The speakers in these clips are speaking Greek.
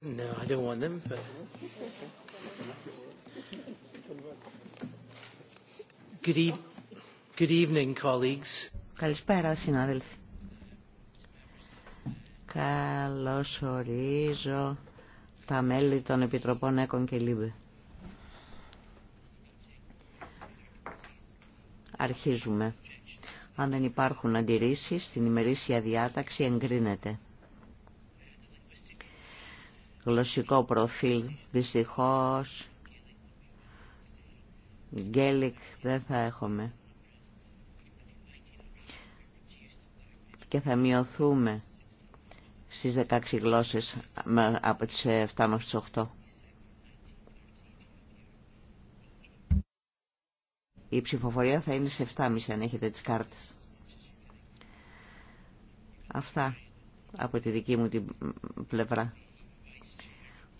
No, I don't want them, but... Good, evening, colleagues. Καλησπέρα, συνάδελφοι. Καλώς ορίζω τα μέλη των Επιτροπών Έκων και Λίμπη. Αρχίζουμε. Αν δεν υπάρχουν αντιρρήσεις, την ημερήσια διάταξη εγκρίνεται γλωσσικό προφίλ. Δυστυχώς, γκέλικ δεν θα έχουμε. Και θα μειωθούμε στις 16 γλώσσες από τις 7 ε, μέχρι τις 8. Η ψηφοφορία θα είναι σε 7,5 αν έχετε τις κάρτες. Αυτά από τη δική μου την πλευρά.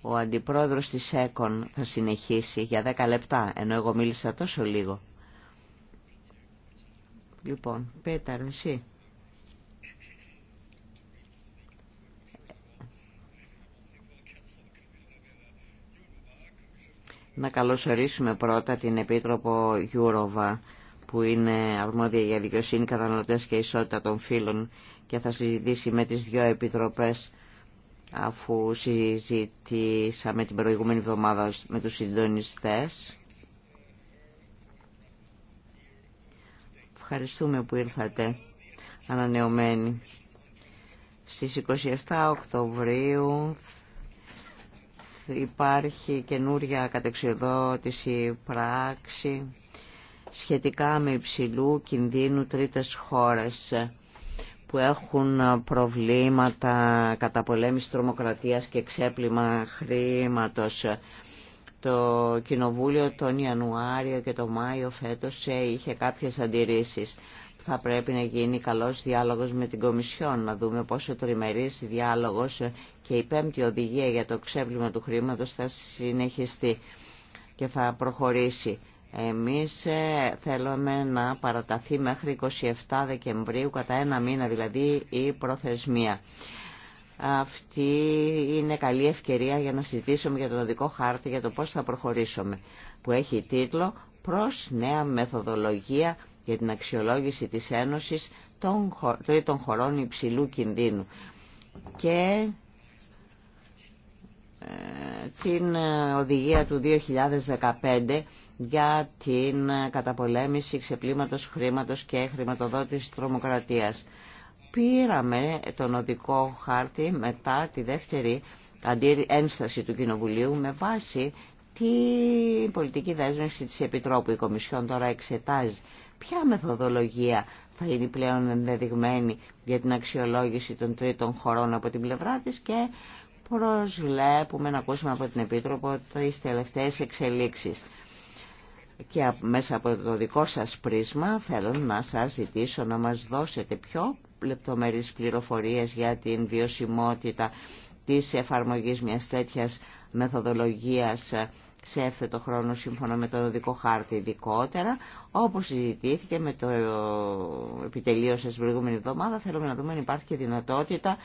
Ο αντιπρόεδρος της ΕΚΟΝ θα συνεχίσει για 10 λεπτά, ενώ εγώ μίλησα τόσο λίγο. Λοιπόν, Πέταρ, εσύ. Να καλωσορίσουμε πρώτα την Επίτροπο Γιούροβα που είναι αρμόδια για δικαιοσύνη καταναλωτές και ισότητα των φύλων και θα συζητήσει με τις δύο επιτροπές αφού συζητήσαμε την προηγούμενη εβδομάδα με τους συντονιστές. Ευχαριστούμε που ήρθατε ανανεωμένοι. Στις 27 Οκτωβρίου υπάρχει καινούρια κατεξοδότηση πράξη σχετικά με υψηλού κινδύνου τρίτες χώρες που έχουν προβλήματα κατά πολέμηση τρομοκρατίας και ξέπλυμα χρήματος. Το Κοινοβούλιο τον Ιανουάριο και τον Μάιο φέτος είχε κάποιες αντιρρήσεις. Θα πρέπει να γίνει καλός διάλογος με την Κομισιόν, να δούμε πόσο τριμερής διάλογος και η πέμπτη οδηγία για το ξέπλυμα του χρήματος θα συνεχιστεί και θα προχωρήσει. Εμείς ε, θέλουμε να παραταθεί μέχρι 27 Δεκεμβρίου, κατά ένα μήνα δηλαδή, η προθεσμία. Αυτή είναι καλή ευκαιρία για να συζητήσουμε για το δικό χάρτη, για το πώς θα προχωρήσουμε, που έχει τίτλο «Προς νέα μεθοδολογία για την αξιολόγηση της Ένωσης των χωρών υψηλού κινδύνου» και την ε, οδηγία του 2015 για την ε, καταπολέμηση ξεπλήματος χρήματος και χρηματοδότησης τρομοκρατίας. Πήραμε τον οδικό χάρτη μετά τη δεύτερη ένσταση του Κοινοβουλίου με βάση την πολιτική δέσμευση της Επιτρόπου. Η Κομισιόν τώρα εξετάζει ποια μεθοδολογία θα είναι πλέον ενδεδειγμένη για την αξιολόγηση των τρίτων χωρών από την πλευρά της και Προσβλέπουμε να ακούσουμε από την Επίτροπο τι τελευταίες εξελίξεις. Και μέσα από το δικό σας πρίσμα θέλω να σας ζητήσω να μας δώσετε πιο λεπτομερείς πληροφορίες για την βιωσιμότητα της εφαρμογής μιας τέτοιας μεθοδολογίας σε έφθετο χρόνο σύμφωνα με το δικό χάρτη ειδικότερα. Όπως συζητήθηκε με το επιτελείο σας προηγούμενη εβδομάδα, θέλουμε να δούμε αν υπάρχει δυνατότητα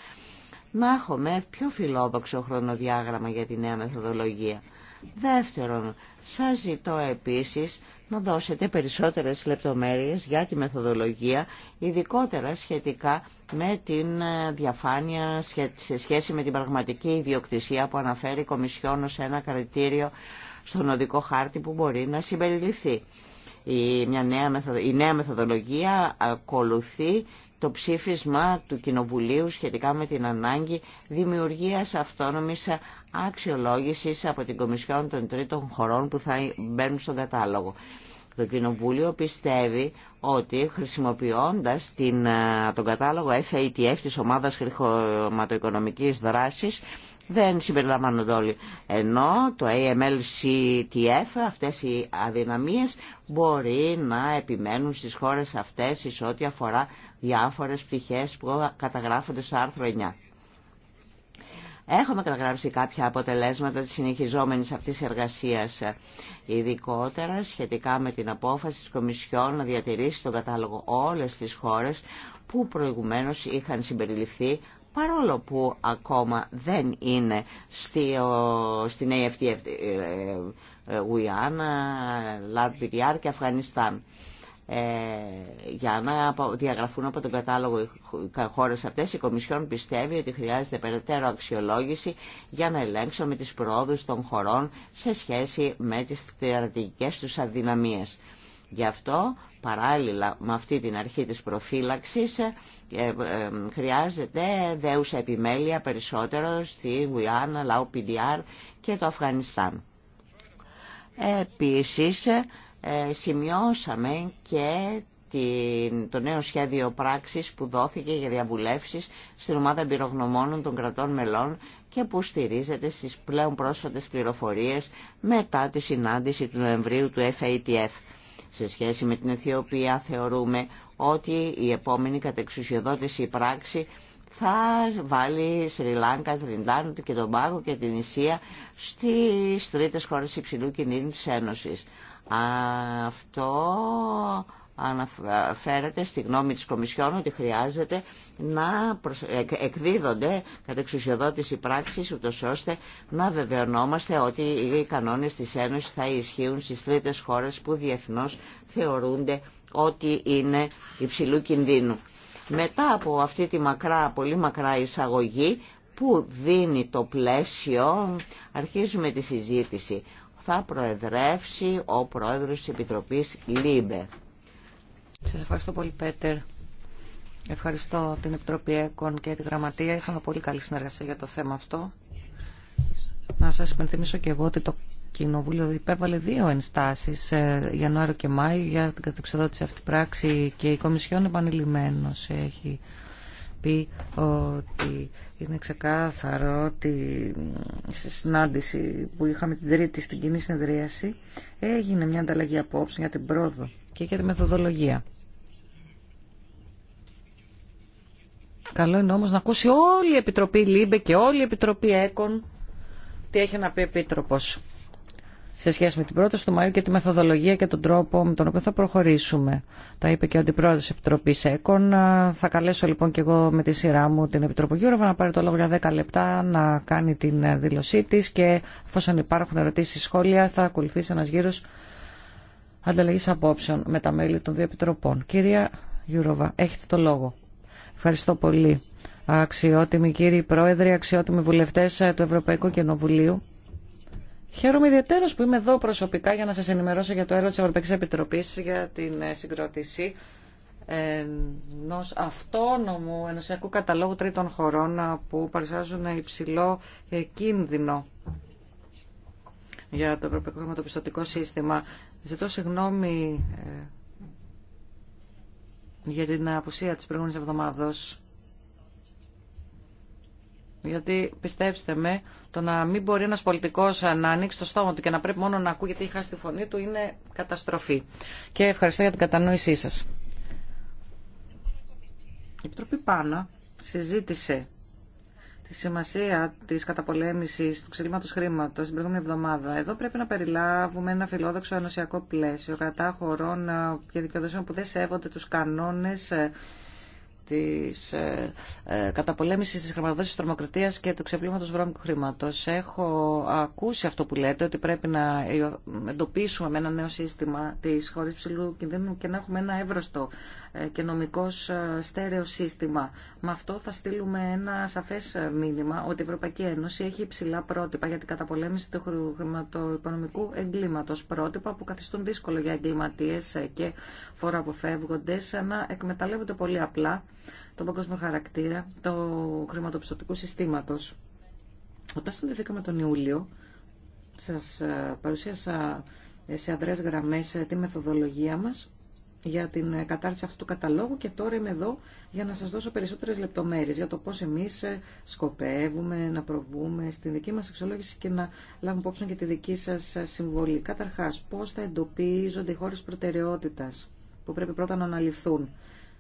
να έχουμε πιο φιλόδοξο χρονοδιάγραμμα για τη νέα μεθοδολογία. Δεύτερον, σας ζητώ επίσης να δώσετε περισσότερες λεπτομέρειες για τη μεθοδολογία, ειδικότερα σχετικά με την ε, διαφάνεια σε σχέση με την πραγματική ιδιοκτησία που αναφέρει η Κομισιόν ως ένα κριτήριο στον οδικό χάρτη που μπορεί να συμπεριληφθεί. Η, νέα, η νέα μεθοδολογία ακολουθεί το ψήφισμα του Κοινοβουλίου σχετικά με την ανάγκη δημιουργίας αυτόνομης αξιολόγησης από την Κομισιόν των Τρίτων Χωρών που θα μπαίνουν στον κατάλογο. Το Κοινοβούλιο πιστεύει ότι χρησιμοποιώντας την, τον κατάλογο FATF της Ομάδας Χρηματοοικονομικής Δράσης δεν συμπεριλαμβάνονται όλοι. Ενώ το AMLCTF, αυτέ αυτές οι αδυναμίες μπορεί να επιμένουν στις χώρες αυτές εις ό,τι αφορά διάφορες πτυχές που καταγράφονται στο άρθρο 9. Έχουμε καταγράψει κάποια αποτελέσματα της συνεχιζόμενης αυτής εργασίας, ειδικότερα σχετικά με την απόφαση της Κομισιόν να διατηρήσει τον κατάλογο όλες τις χώρες που προηγουμένως είχαν συμπεριληφθεί παρόλο που ακόμα δεν είναι στην AFTF, ε, ε, Ουιάννα, Λαρμπιριάρ και Αφγανιστάν ε, για να διαγραφούν από τον κατάλογο χώρες αυτές η Κομισιόν πιστεύει ότι χρειάζεται περαιτέρω αξιολόγηση για να ελέγξουμε τις προόδους των χωρών σε σχέση με τις στρατηγικές τους αδυναμίες. Γι' αυτό παράλληλα με αυτή την αρχή της προφύλαξης ε, ε, χρειάζεται δέουσα επιμέλεια περισσότερο στη Γουιάννα, Λαού και το Αφγανιστάν. Επίσης, ε, σημειώσαμε και το νέο σχέδιο πράξης που δόθηκε για διαβουλεύσεις στην ομάδα εμπειρογνωμόνων των κρατών μελών και που στηρίζεται στις πλέον πρόσφατες πληροφορίες μετά τη συνάντηση του Νοεμβρίου του FATF. Σε σχέση με την Αιθιοπία θεωρούμε ότι η επόμενη κατεξουσιοδότηση πράξη θα βάλει Σρι Λάγκα, Τριντάν και τον Πάγο και την Ισία στις τρίτες χώρες υψηλού κινδύνου της Ένωσης. Αυτό αναφέρεται στη γνώμη της Κομισιόν ότι χρειάζεται να εκδίδονται κατά εξουσιοδότηση πράξης ούτως ώστε να βεβαιωνόμαστε ότι οι κανόνες της Ένωσης θα ισχύουν στις τρίτες χώρες που διεθνώς θεωρούνται ό,τι είναι υψηλού κινδύνου. Μετά από αυτή τη μακρά, πολύ μακρά εισαγωγή που δίνει το πλαίσιο, αρχίζουμε τη συζήτηση. Θα προεδρεύσει ο πρόεδρος της Επιτροπής ΛΥΜΠΕ. Σας ευχαριστώ πολύ Πέτερ. Ευχαριστώ την Επιτροπή ΕΚΟΝ και την Γραμματεία. Είχαμε πολύ καλή συνεργασία για το θέμα αυτό. Να σας υπενθυμίσω και εγώ ότι το Κοινοβούλιο υπέβαλε δύο ενστάσεις ε, Ιανουάριο και Μάιο για την κατεξοδότηση αυτή πράξη και η Κομισιόν επανειλημμένω έχει πει ότι είναι ξεκάθαρο ότι στη συνάντηση που είχαμε την Τρίτη στην κοινή συνεδρίαση έγινε μια ανταλλαγή απόψε για την πρόοδο και για τη μεθοδολογία. Καλό είναι όμως να ακούσει όλη η Επιτροπή Λίμπε και όλη η Επιτροπή ΕΚΟΝ τι έχει να πει επίτροπος σε σχέση με την πρόταση του Μαΐου και τη μεθοδολογία και τον τρόπο με τον οποίο θα προχωρήσουμε. Τα είπε και ο Αντιπρόεδρος της Επιτροπής ΕΚΟΝ. Θα καλέσω λοιπόν και εγώ με τη σειρά μου την Επιτροπή Γιούροβα να πάρει το λόγο για 10 λεπτά, να κάνει την ε, δήλωσή της και εφόσον υπάρχουν ερωτήσεις σχόλια θα ακολουθήσει ένας γύρος ανταλλαγής απόψεων με τα μέλη των δύο επιτροπών. Κυρία Γιούροβα, έχετε το λόγο. Ευχαριστώ πολύ. Αξιότιμοι κύριοι πρόεδροι, αξιότιμοι βουλευτές ε, του Ευρωπαϊκού Κοινοβουλίου. Χαίρομαι ιδιαίτερα που είμαι εδώ προσωπικά για να σας ενημερώσω για το έργο της Ευρωπαϊκής Επιτροπής για την ε, συγκρότηση ενό αυτόνομου ενωσιακού καταλόγου τρίτων χωρών που παρουσιάζουν υψηλό ε, κίνδυνο για το Ευρωπαϊκό Χρηματοπιστωτικό Σύστημα. Ζητώ συγγνώμη ε, για την απουσία της προηγούμενης εβδομάδος γιατί πιστέψτε με, το να μην μπορεί ένα πολιτικό να ανοίξει το στόμα του και να πρέπει μόνο να ακούει γιατί χάσει τη φωνή του είναι καταστροφή. Και ευχαριστώ για την κατανόησή σα. Η Επιτροπή Πάνα συζήτησε τη σημασία τη καταπολέμηση του ξελίματο χρήματο την προηγούμενη εβδομάδα. Εδώ πρέπει να περιλάβουμε ένα φιλόδοξο ενωσιακό πλαίσιο κατά χωρών και δικαιοδοσίων που δεν σέβονται του κανόνε της ε, ε, καταπολέμηση της χρηματοδότησης της τρομοκρατίας και του ξεπλήματος βρώμικου χρήματος. Έχω ακούσει αυτό που λέτε, ότι πρέπει να εντοπίσουμε με ένα νέο σύστημα της χώρας ψηλού κινδύνου και να έχουμε ένα εύρωστο ε, και νομικό στέρεο σύστημα. Με αυτό θα στείλουμε ένα σαφές μήνυμα ότι η Ευρωπαϊκή Ένωση έχει υψηλά πρότυπα για την καταπολέμηση του χρηματοοικονομικού εγκλήματος. Πρότυπα που καθιστούν δύσκολο για εγκληματίε και φοροαποφεύγοντες να εκμεταλλεύονται πολύ απλά τον παγκόσμιο χαρακτήρα του χρηματοπιστωτικού συστήματος. Όταν συνδεθήκαμε τον Ιούλιο, σας ε, παρουσίασα ε, σε αδρές γραμμές ε, τη μεθοδολογία μας για την κατάρτιση αυτού του καταλόγου και τώρα είμαι εδώ για να σας δώσω περισσότερες λεπτομέρειες για το πώς εμείς σκοπεύουμε να προβούμε στην δική μας εξολόγηση και να λάβουμε υπόψη και τη δική σας συμβολή. Καταρχάς, πώς θα εντοπίζονται οι χώρες προτεραιότητας που πρέπει πρώτα να αναλυθούν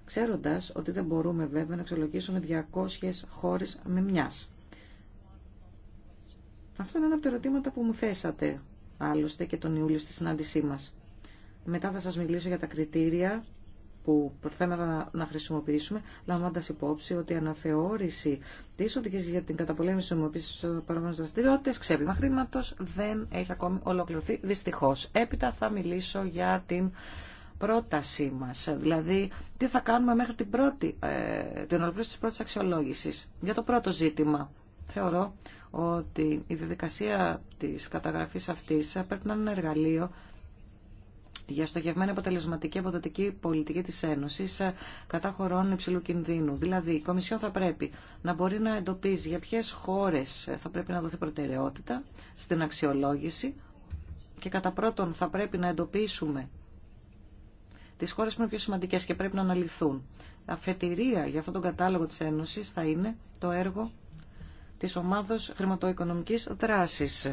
ξέροντας ότι δεν μπορούμε βέβαια να εξολογήσουμε 200 χώρες με μιας. Αυτό είναι ένα από τα ερωτήματα που μου θέσατε, άλλωστε και τον Ιούλιο στη συνάντησή μας. Μετά θα σας μιλήσω για τα κριτήρια που προθέμενα να χρησιμοποιήσουμε, λαμβάνοντα υπόψη ότι η αναθεώρηση τη οδηγία για την καταπολέμηση τη ομοποίηση των παραγωγών δραστηριότητε, ξέπλυμα χρήματο, δεν έχει ακόμη ολοκληρωθεί, δυστυχώ. Έπειτα θα μιλήσω για την πρότασή μας. Δηλαδή, τι θα κάνουμε μέχρι την, πρώτη, ε, την ολοκλήρωση της πρώτης αξιολόγησης. Για το πρώτο ζήτημα, θεωρώ ότι η διαδικασία της καταγραφής αυτής πρέπει να είναι ένα εργαλείο για στοχευμένη αποτελεσματική αποδοτική πολιτική της Ένωσης ε, κατά χωρών υψηλού κινδύνου. Δηλαδή, η Κομισιόν θα πρέπει να μπορεί να εντοπίζει για ποιες χώρες θα πρέπει να δοθεί προτεραιότητα στην αξιολόγηση και κατά πρώτον θα πρέπει να εντοπίσουμε τις χώρες που είναι πιο σημαντικές και πρέπει να αναλυθούν. Αφετηρία για αυτόν τον κατάλογο της Ένωσης θα είναι το έργο της ομάδος χρηματοοικονομικής δράσης,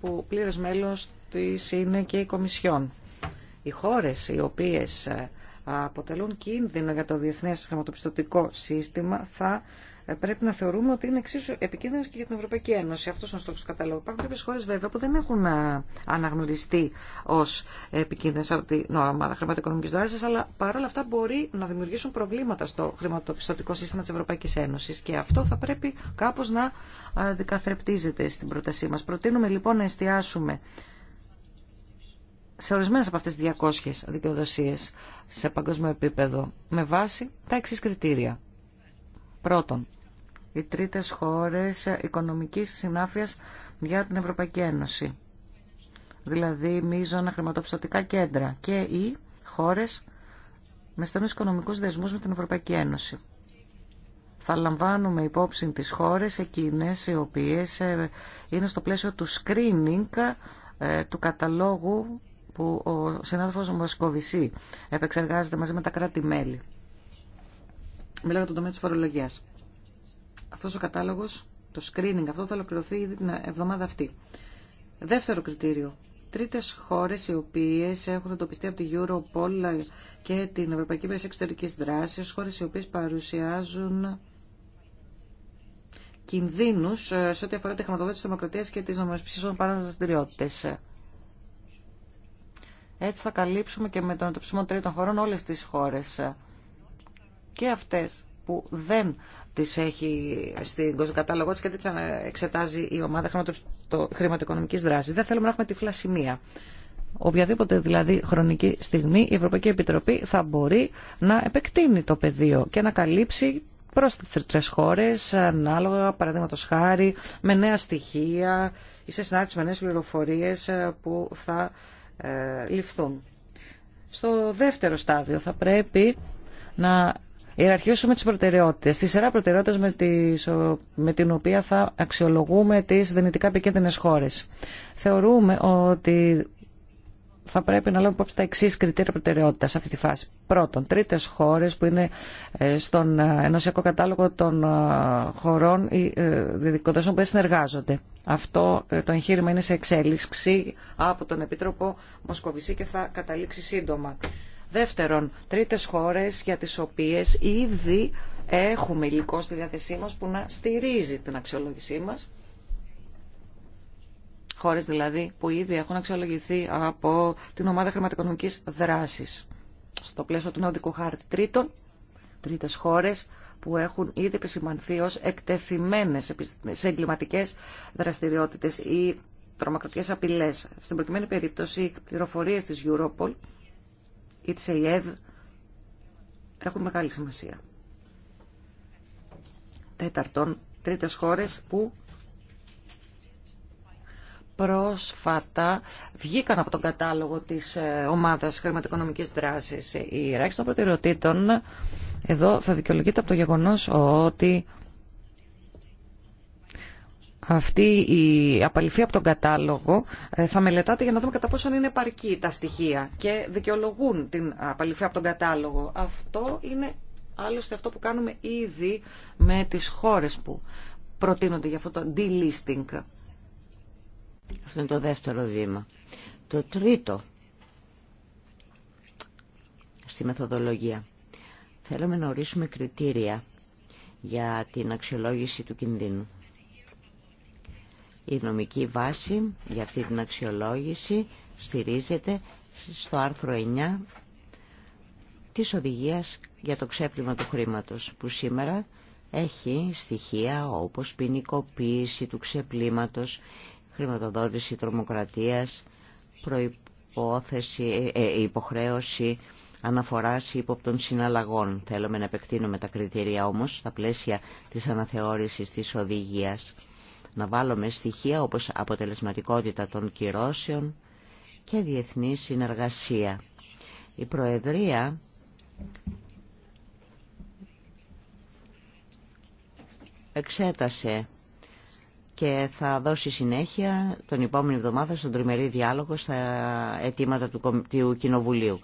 που πλήρες μέλος της είναι και η Κομισιόν. Οι χώρες οι οποίες ε, αποτελούν κίνδυνο για το διεθνές χρηματοπιστωτικό σύστημα θα ε, πρέπει να θεωρούμε ότι είναι εξίσου επικίνδυνε και για την Ευρωπαϊκή Ένωση. Αυτό είναι ο στόχο του καταλόγου. Υπάρχουν κάποιε χώρε βέβαια που δεν έχουν ε, αναγνωριστεί ω επικίνδυνε από την ομάδα χρηματοοικονομική δράση, αλλά παρόλα αυτά μπορεί να δημιουργήσουν προβλήματα στο χρηματοπιστωτικό σύστημα τη Ευρωπαϊκή Ένωση. Και αυτό θα πρέπει κάπω να αντικαθρεπτίζεται στην πρότασή μα. Προτείνουμε λοιπόν να εστιάσουμε σε ορισμένε από αυτέ τι 200 δικαιοδοσίε σε παγκόσμιο επίπεδο με βάση τα εξή κριτήρια. Πρώτον, οι τρίτες χώρες οικονομικής συνάφειας για την Ευρωπαϊκή Ένωση. Δηλαδή μείζωνα χρηματοπιστωτικά κέντρα και οι χώρες με στενούς οικονομικούς δεσμούς με την Ευρωπαϊκή Ένωση. Θα λαμβάνουμε υπόψη τις χώρες εκείνες οι οποίες ε, είναι στο πλαίσιο του screening ε, του καταλόγου που ο συνάδελφος Μοσκοβισή επεξεργάζεται μαζί με τα κράτη-μέλη. Μιλάω για τον τομέα της φορολογίας αυτός ο κατάλογος, το screening αυτό θα ολοκληρωθεί ήδη την εβδομάδα αυτή. Δεύτερο κριτήριο. Τρίτε χώρε οι οποίε έχουν εντοπιστεί από την Europol και την Ευρωπαϊκή Μέση Εξωτερικής Δράση, χώρε οι οποίε παρουσιάζουν κινδύνους ε, σε ό,τι αφορά τη χρηματοδότηση τη Δημοκρατία και τις νομοσπιστής των παράνομες Έτσι θα καλύψουμε και με τον εντοπισμό τρίτων χωρών όλε τι χώρε. και αυτέ που δεν τις έχει στην κατάλογο της και τι τις εξετάζει η ομάδα χρηματοοικονομικής δράσης. Δεν θέλουμε να έχουμε τυφλά σημεία. Οποιαδήποτε δηλαδή χρονική στιγμή η Ευρωπαϊκή Επιτροπή θα μπορεί να επεκτείνει το πεδίο και να καλύψει προς τρεις χώρες, ανάλογα παραδείγματο χάρη, με νέα στοιχεία ή σε συνάρτηση με νέες πληροφορίες ε, που θα ε, ληφθούν. Στο δεύτερο στάδιο θα πρέπει να ιεραρχήσουμε τις προτεραιότητες, τη σειρά προτεραιότητες με, με την οποία θα αξιολογούμε τις δυνητικά επικίνδυνε χώρες. Θεωρούμε ότι θα πρέπει να λάβουμε υπόψη τα εξή κριτήρια προτεραιότητα σε αυτή τη φάση. Πρώτον, τρίτε χώρε που είναι ε, στον ε, ενωσιακό κατάλογο των ε, χωρών ή που δεν συνεργάζονται. Αυτό το εγχείρημα είναι σε εξέλιξη από τον Επίτροπο Μοσκοβισή και θα καταλήξει σύντομα. Δεύτερον, τρίτες χώρες για τις οποίες ήδη έχουμε υλικό στη διάθεσή μας που να στηρίζει την αξιολόγησή μας. Χώρες δηλαδή που ήδη έχουν αξιολογηθεί από την ομάδα χρηματοοικονομικής δράσης στο πλαίσιο του Νοδικού Χάρτη. Τρίτον, τρίτες χώρες που έχουν ήδη επισημανθεί ως εκτεθειμένες σε εγκληματικέ δραστηριότητες ή τρομακρατικές απειλές. Στην προκειμένη περίπτωση, οι πληροφορίες της Europol ή της ΕΙΕΔ έχουν μεγάλη σημασία. Τέταρτον, τρίτες χώρες που πρόσφατα βγήκαν από τον κατάλογο της ε, ομάδας χρηματοοικονομικής δράσης η ράξη των προτεραιοτήτων εδώ θα δικαιολογείται από το γεγονός ότι αυτή η απαλληφή από τον κατάλογο ε, θα μελετάτε για να δούμε κατά πόσο είναι επαρκή τα στοιχεία και δικαιολογούν την απαλληφή από τον κατάλογο. Αυτό είναι άλλωστε αυτό που κάνουμε ήδη με τις χώρες που προτείνονται για αυτό το delisting. Αυτό είναι το δεύτερο βήμα. Το τρίτο στη μεθοδολογία. Θέλουμε να ορίσουμε κριτήρια για την αξιολόγηση του κινδύνου. Η νομική βάση για αυτή την αξιολόγηση στηρίζεται στο άρθρο 9 της οδηγίας για το ξέπλυμα του χρήματος που σήμερα έχει στοιχεία όπως ποινικοποίηση του ξεπλήματος, χρηματοδότηση τρομοκρατίας, προϋπόθεση, ε, ε υποχρέωση αναφοράς ύποπτων συναλλαγών. Θέλουμε να επεκτείνουμε τα κριτήρια όμως στα πλαίσια της αναθεώρησης της οδηγίας να βάλουμε στοιχεία όπως αποτελεσματικότητα των κυρώσεων και διεθνή συνεργασία. Η Προεδρία εξέτασε και θα δώσει συνέχεια τον επόμενη εβδομάδα στον τριμερή διάλογο στα αιτήματα του Κοινοβουλίου.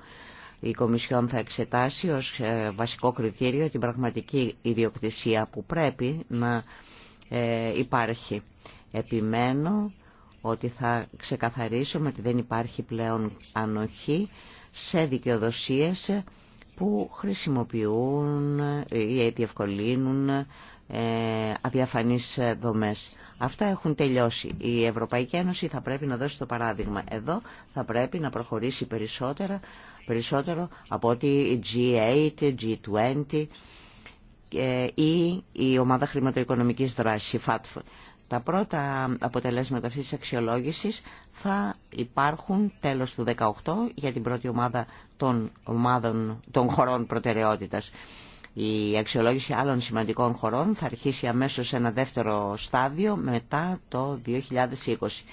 Η Κομισιόν θα εξετάσει ως ε, βασικό κριτήριο την πραγματική ιδιοκτησία που πρέπει να ε, υπάρχει. Επιμένω ότι θα ξεκαθαρίσουμε ότι δεν υπάρχει πλέον ανοχή σε δικαιοδοσίες που χρησιμοποιούν ή διευκολύνουν ε, αδιαφανείς δομές. Αυτά έχουν τελειώσει. Η Ευρωπαϊκή Ένωση θα πρέπει να δώσει το παράδειγμα. Εδώ θα πρέπει να προχωρήσει περισσότερα, περισσότερο από ότι G8, G20 ε, ή η ομάδα χρηματοοικονομικής δράσης, η FATF. Τα πρώτα αποτελέσματα αυτής της αξιολόγησης θα υπάρχουν τέλος του 2018 για την πρώτη ομάδα των, ομάδων, των χωρών προτεραιότητας. Η αξιολόγηση άλλων σημαντικών χωρών θα αρχίσει αμέσως σε ένα δεύτερο στάδιο μετά το 2020.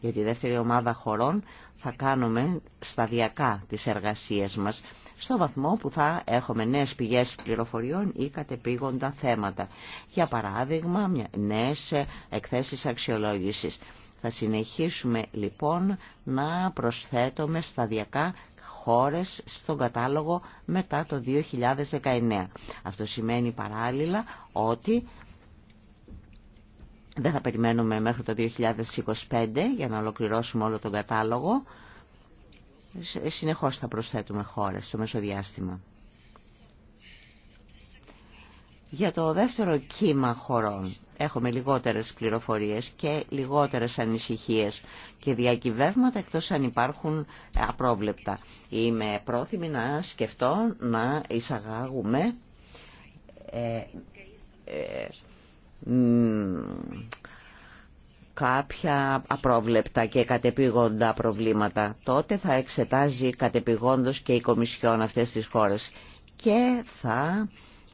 Για τη δεύτερη ομάδα χωρών θα κάνουμε σταδιακά τις εργασίες μας στο βαθμό που θα έχουμε νέες πηγές πληροφοριών ή κατεπήγοντα θέματα. Για παράδειγμα, νέες ε, εκθέσεις αξιολόγησης. Θα συνεχίσουμε λοιπόν να προσθέτουμε σταδιακά χώρες στον κατάλογο μετά το 2019. Αυτό σημαίνει παράλληλα ότι δεν θα περιμένουμε μέχρι το 2025 για να ολοκληρώσουμε όλο τον κατάλογο Συνεχώς θα προσθέτουμε χώρες στο μεσοδιάστημα. Για το δεύτερο κύμα χωρών έχουμε λιγότερες πληροφορίες και λιγότερες ανησυχίες και διακυβεύματα εκτός αν υπάρχουν απρόβλεπτα. Είμαι πρόθυμη να σκεφτώ να εισαγάγουμε ε, ε, κάποια απρόβλεπτα και κατεπήγοντα προβλήματα. Τότε θα εξετάζει κατεπήγοντος και η Κομισιόν αυτές τις χώρες και θα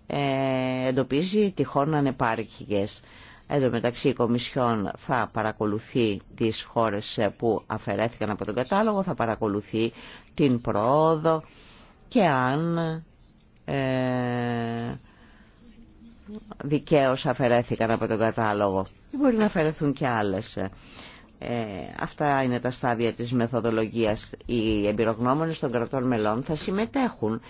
ε, εντοπίζει τυχόν ανεπάρκειες. Εν τω μεταξύ η Κομισιόν θα παρακολουθεί τις χώρες που αφαιρέθηκαν από τον κατάλογο, θα παρακολουθεί την πρόοδο και αν ε, δικαίως αφαιρέθηκαν από τον κατάλογο μπορεί να αφαιρεθούν και άλλες. Ε, αυτά είναι τα στάδια της μεθοδολογίας. Οι εμπειρογνώμονες των κρατών μελών θα συμμετέχουν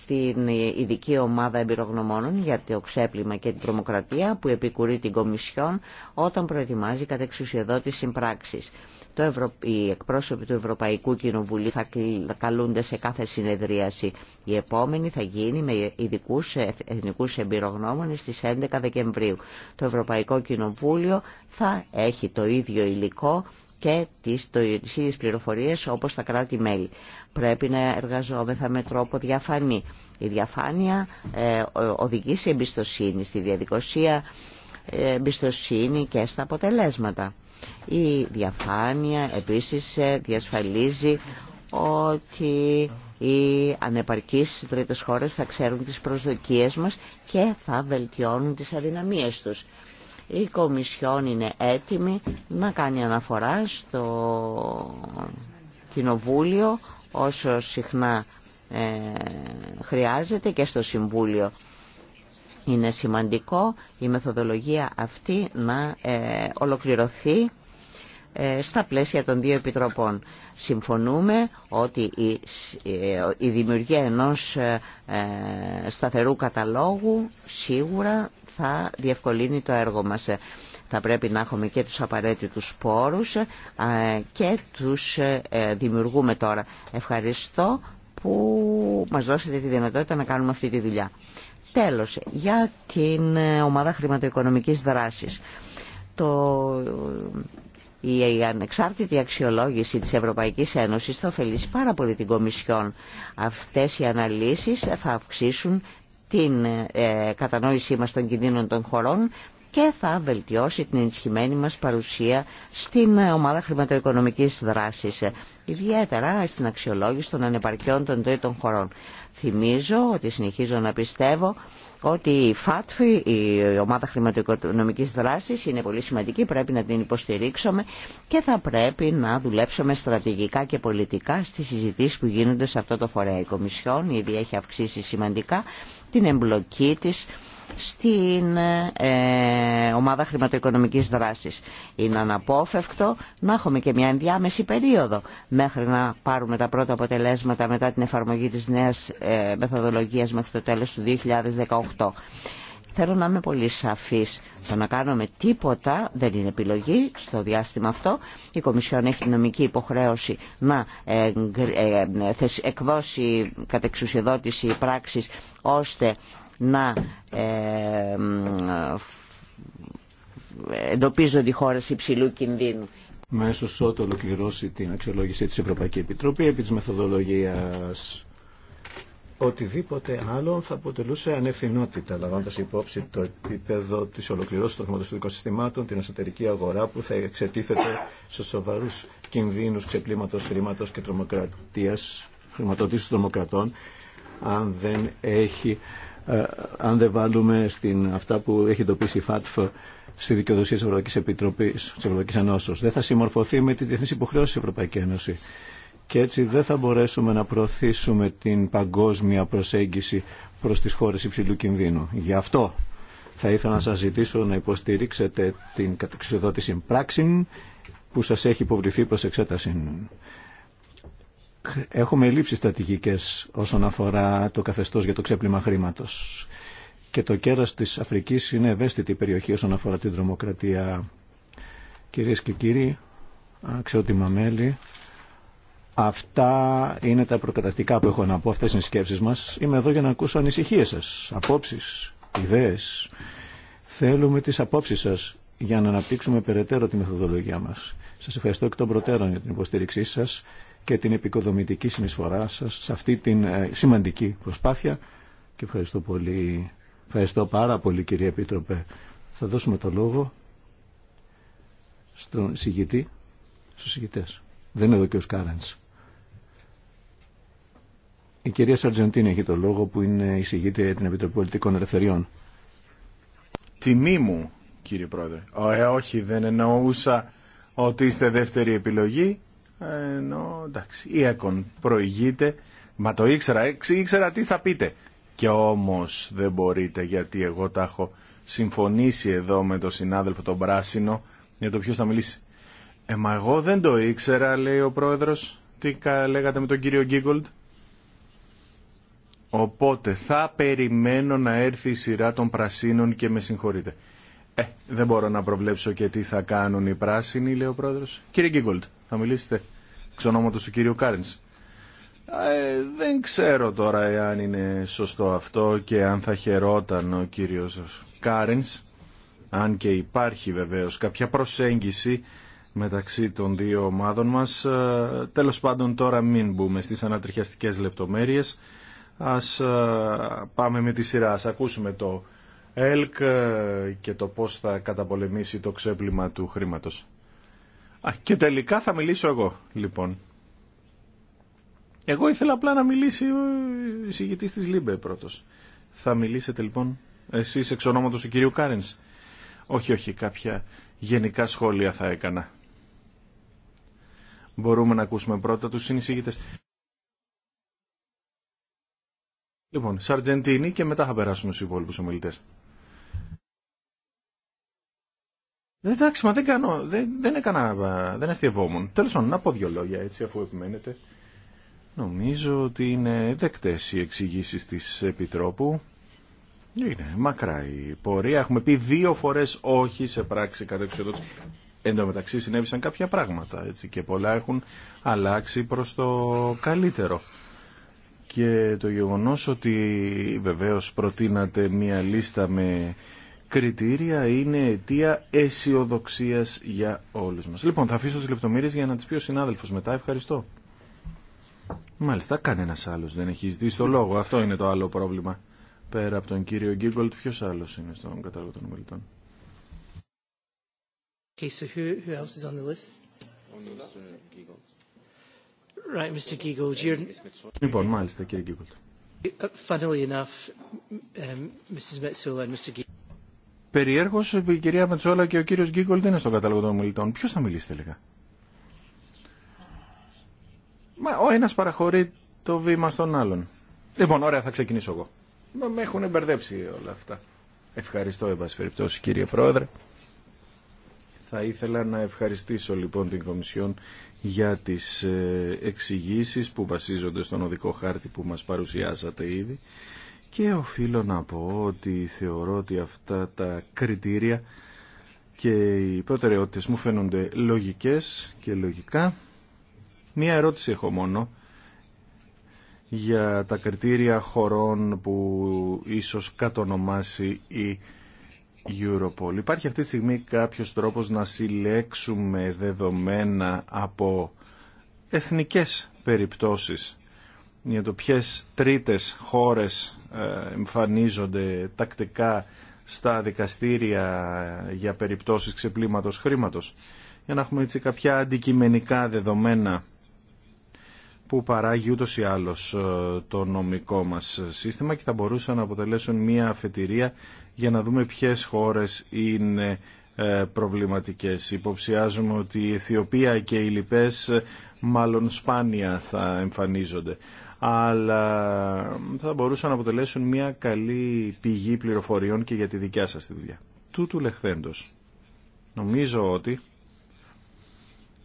στην ειδική ομάδα εμπειρογνωμόνων για το ξέπλυμα και την τρομοκρατία που επικουρεί την Κομισιόν όταν προετοιμάζει κατά εξουσιοδότηση συμπράξεις. Το Ευρω... Οι εκπρόσωποι του Ευρωπαϊκού Κοινοβουλίου θα καλούνται σε κάθε συνεδρίαση. Η επόμενη θα γίνει με ειδικού ε- εθνικούς εμπειρογνώμονε στις 11 Δεκεμβρίου. Το Ευρωπαϊκό Κοινοβούλιο θα έχει το ίδιο υλικό και τις ίδιες πληροφορίες όπως τα κράτη-μέλη. Πρέπει να εργαζόμεθα με τρόπο διαφανή. Η διαφάνεια ε, οδηγεί σε εμπιστοσύνη στη διαδικασία, ε, εμπιστοσύνη και στα αποτελέσματα. Η διαφάνεια επίσης ε, διασφαλίζει ότι οι ανεπαρκείς τρίτες χώρες θα ξέρουν τις προσδοκίες μας και θα βελτιώνουν τις αδυναμίες τους. Η Κομισιόν είναι έτοιμη να κάνει αναφορά στο Κοινοβούλιο όσο συχνά ε, χρειάζεται και στο Συμβούλιο. Είναι σημαντικό η μεθοδολογία αυτή να ε, ολοκληρωθεί ε, στα πλαίσια των δύο επιτροπών. Συμφωνούμε ότι η δημιουργία ενός σταθερού καταλόγου σίγουρα θα διευκολύνει το έργο μας. Θα πρέπει να έχουμε και τους απαραίτητους πόρους ε, και τους ε, ε, δημιουργούμε τώρα. Ευχαριστώ που μας δώσετε τη δυνατότητα να κάνουμε αυτή τη δουλειά. Τέλος, για την ομάδα χρηματοοικονομικής δράσης. Το... Η ανεξάρτητη αξιολόγηση της Ευρωπαϊκής Ένωσης θα ωφελήσει πάρα πολύ την Κομισιόν. Αυτές οι αναλύσεις θα αυξήσουν την ε, κατανόησή μας των κινδύνων των χωρών και θα βελτιώσει την ενισχυμένη μας παρουσία στην ε, ομάδα χρηματοοικονομικής δράσης, ε, ιδιαίτερα στην αξιολόγηση των ανεπαρκειών των τρίτων χωρών. Θυμίζω ότι συνεχίζω να πιστεύω ότι η ΦΑΤΦΗ, η ομάδα χρηματοοικονομικής δράσης, είναι πολύ σημαντική, πρέπει να την υποστηρίξουμε και θα πρέπει να δουλέψουμε στρατηγικά και πολιτικά στις συζητήσεις που γίνονται σε αυτό το φορέα. Η Κομισιόν ήδη έχει αυξήσει σημαντικά την εμπλοκή της στην ε, ομάδα χρηματοοικονομικής δράσης. Είναι αναπόφευκτο να έχουμε και μια ενδιάμεση περίοδο μέχρι να πάρουμε τα πρώτα αποτελέσματα μετά την εφαρμογή της νέας ε, μεθοδολογίας μέχρι το τέλος του 2018. Θέλω να είμαι πολύ σαφής. Το να κάνουμε τίποτα δεν είναι επιλογή στο διάστημα αυτό. Η Κομισιόν έχει νομική υποχρέωση να ε, ε, εκδώσει κατεξουσιοδότηση πράξης ώστε να ε, εντοπίζονται οι χώρες υψηλού κινδύνου. Μέσω ότου ολοκληρώσει την αξιολόγηση της Ευρωπαϊκή Επιτροπή επί της μεθοδολογίας οτιδήποτε άλλο θα αποτελούσε ανευθυνότητα, λαμβάνοντα υπόψη το επίπεδο τη ολοκληρώση των χρηματοστατικών συστημάτων, την εσωτερική αγορά που θα εξετίθεται σε σοβαρού κινδύνου ξεπλήματο χρήματο και τρομοκρατία, χρηματοδοτήση των τρομοκρατών, αν δεν έχει. Ε, αν δεν βάλουμε στην, αυτά που έχει εντοπίσει η ΦΑΤΦ στη δικαιοδοσία τη Ευρωπαϊκή Επιτροπή, τη Ευρωπαϊκή Ενώσεω, δεν θα συμμορφωθεί με τη διεθνή υποχρέωση τη Ευρωπαϊκή Ένωση και έτσι δεν θα μπορέσουμε να προωθήσουμε την παγκόσμια προσέγγιση προς τις χώρες υψηλού κινδύνου. Γι' αυτό θα ήθελα να σας ζητήσω να υποστηρίξετε την κατεξοδότηση πράξη που σας έχει υποβληθεί προς εξέταση. Έχουμε λήψει στρατηγικές όσον αφορά το καθεστώς για το ξέπλυμα χρήματος. Και το κέρας της Αφρικής είναι ευαίσθητη περιοχή όσον αφορά την δρομοκρατία. Κυρίες και κύριοι, αξιότιμα μέλη, Αυτά είναι τα προκατακτικά που έχω να πω, αυτές είναι οι σκέψεις μας. Είμαι εδώ για να ακούσω ανησυχίες σας, απόψεις, ιδέες. Θέλουμε τις απόψεις σας για να αναπτύξουμε περαιτέρω τη μεθοδολογία μας. Σας ευχαριστώ εκ των προτέρων για την υποστήριξή σας και την επικοδομητική συνεισφορά σας σε αυτή την ε, σημαντική προσπάθεια και ευχαριστώ πολύ. Ευχαριστώ πάρα πολύ κύριε Επίτροπε. Θα δώσουμε το λόγο στον συγητή, στους συγητές. Δεν είναι εδώ και ο Σκάρενς. Η κυρία Σαρτζεντίνη έχει το λόγο που είναι εισηγήτρια την Επιτροπή Πολιτικών Ελευθεριών. Τιμή μου, κύριε Πρόεδρε. Ε, όχι, δεν εννοούσα ότι είστε δεύτερη επιλογή. Ε, ενώ, εντάξει, η ΕΚΟΝ προηγείται. Μα το ήξερα, ήξερα τι θα πείτε. Και όμως δεν μπορείτε, γιατί εγώ τα έχω συμφωνήσει εδώ με τον συνάδελφο τον Πράσινο για το ποιο θα μιλήσει. Ε, μα εγώ δεν το ήξερα, λέει ο Πρόεδρος. Τι λέγατε με τον κύριο Γκίγκολντ. Οπότε θα περιμένω να έρθει η σειρά των πρασίνων και με συγχωρείτε. Ε, δεν μπορώ να προβλέψω και τι θα κάνουν οι πράσινοι, λέει ο πρόεδρος. Κύριε Γκίγκολτ, θα μιλήσετε εξ του κύριου Κάρινς. Ε, δεν ξέρω τώρα εάν είναι σωστό αυτό και αν θα χαιρόταν ο κύριος Κάρινς, αν και υπάρχει βεβαίως κάποια προσέγγιση μεταξύ των δύο ομάδων μας. Ε, τέλος πάντων τώρα μην μπούμε στις ανατριχιαστικές λεπτομέρειες. Ας ε, πάμε με τη σειρά, ας ακούσουμε το ΕΛΚ ε, και το πώς θα καταπολεμήσει το ξέπλυμα του χρήματος. Α, και τελικά θα μιλήσω εγώ, λοιπόν. Εγώ ήθελα απλά να μιλήσει ο εισηγητής της Λίμπε πρώτος. Θα μιλήσετε λοιπόν εσείς εξ ονόματος του κυρίου Κάρενς. Όχι, όχι, κάποια γενικά σχόλια θα έκανα. Μπορούμε να ακούσουμε πρώτα τους συνεισηγητές. Λοιπόν, Σαρτζεντίνη και μετά θα περάσουμε στου υπόλοιπου ομιλητέ. Εντάξει, μα δεν κάνω, δεν, δεν έκανα, δεν αστευόμουν. Τέλο πάντων, να πω δύο λόγια έτσι αφού επιμένετε. Νομίζω ότι είναι δεκτέ οι εξηγήσει τη Επιτρόπου. Είναι μακρά η πορεία. Έχουμε πει δύο φορέ όχι σε πράξη κατεξοδότηση. Εν τω μεταξύ συνέβησαν κάποια πράγματα έτσι, και πολλά έχουν αλλάξει προ το καλύτερο και το γεγονός ότι βεβαίως προτείνατε μία λίστα με κριτήρια είναι αιτία αισιοδοξία για όλους μας. Λοιπόν, θα αφήσω τις λεπτομέρειες για να τις πει ο συνάδελφος μετά. Ευχαριστώ. Μάλιστα, κανένας άλλος δεν έχει ζητήσει το λόγο. Αυτό είναι το άλλο πρόβλημα. Πέρα από τον κύριο Γκίγκολτ, ποιος άλλος είναι στον κατάλογο των ομιλητών. Okay, who, who else is on the list? On the list. Uh, Λοιπόν, μάλιστα, κύριε Γκίγκολτ. Uh, funnily um, η κυρία Μετσόλα και ο κύριο Γκίγκολτ είναι στον κατάλογο των ομιλητών. Ποιο θα μιλήσει τελικά. Μα ο ένα παραχωρεί το βήμα στον άλλον. Λοιπόν, ωραία, θα ξεκινήσω εγώ. με έχουν μπερδέψει όλα αυτά. Ευχαριστώ, εν περιπτώσει, κύριε Πρόεδρε. Θα ήθελα να ευχαριστήσω λοιπόν την Κομισιόν για τις ε, εξηγήσει που βασίζονται στον οδικό χάρτη που μας παρουσιάσατε ήδη και οφείλω να πω ότι θεωρώ ότι αυτά τα κριτήρια και οι προτεραιότητες μου φαίνονται λογικές και λογικά. Μία ερώτηση έχω μόνο για τα κριτήρια χωρών που ίσως κατονομάσει η Europol. Υπάρχει αυτή τη στιγμή κάποιος τρόπος να συλλέξουμε δεδομένα από εθνικές περιπτώσεις για το ποιες τρίτες χώρες ε, εμφανίζονται τακτικά στα δικαστήρια για περιπτώσεις ξεπλήματος χρήματος για να έχουμε έτσι κάποια αντικειμενικά δεδομένα που παράγει ούτως ή άλλως ε, το νομικό μας σύστημα και θα μπορούσαν να αποτελέσουν μια αφετηρία για να δούμε ποιες χώρες είναι ε, προβληματικές. Υποψιάζουμε ότι η Αιθιοπία και οι Λιπές ε, μάλλον σπάνια θα εμφανίζονται. Αλλά θα μπορούσαν να αποτελέσουν μια καλή πηγή πληροφοριών και για τη δικιά σας τη δουλειά. Τούτου λεχθέντος. Νομίζω ότι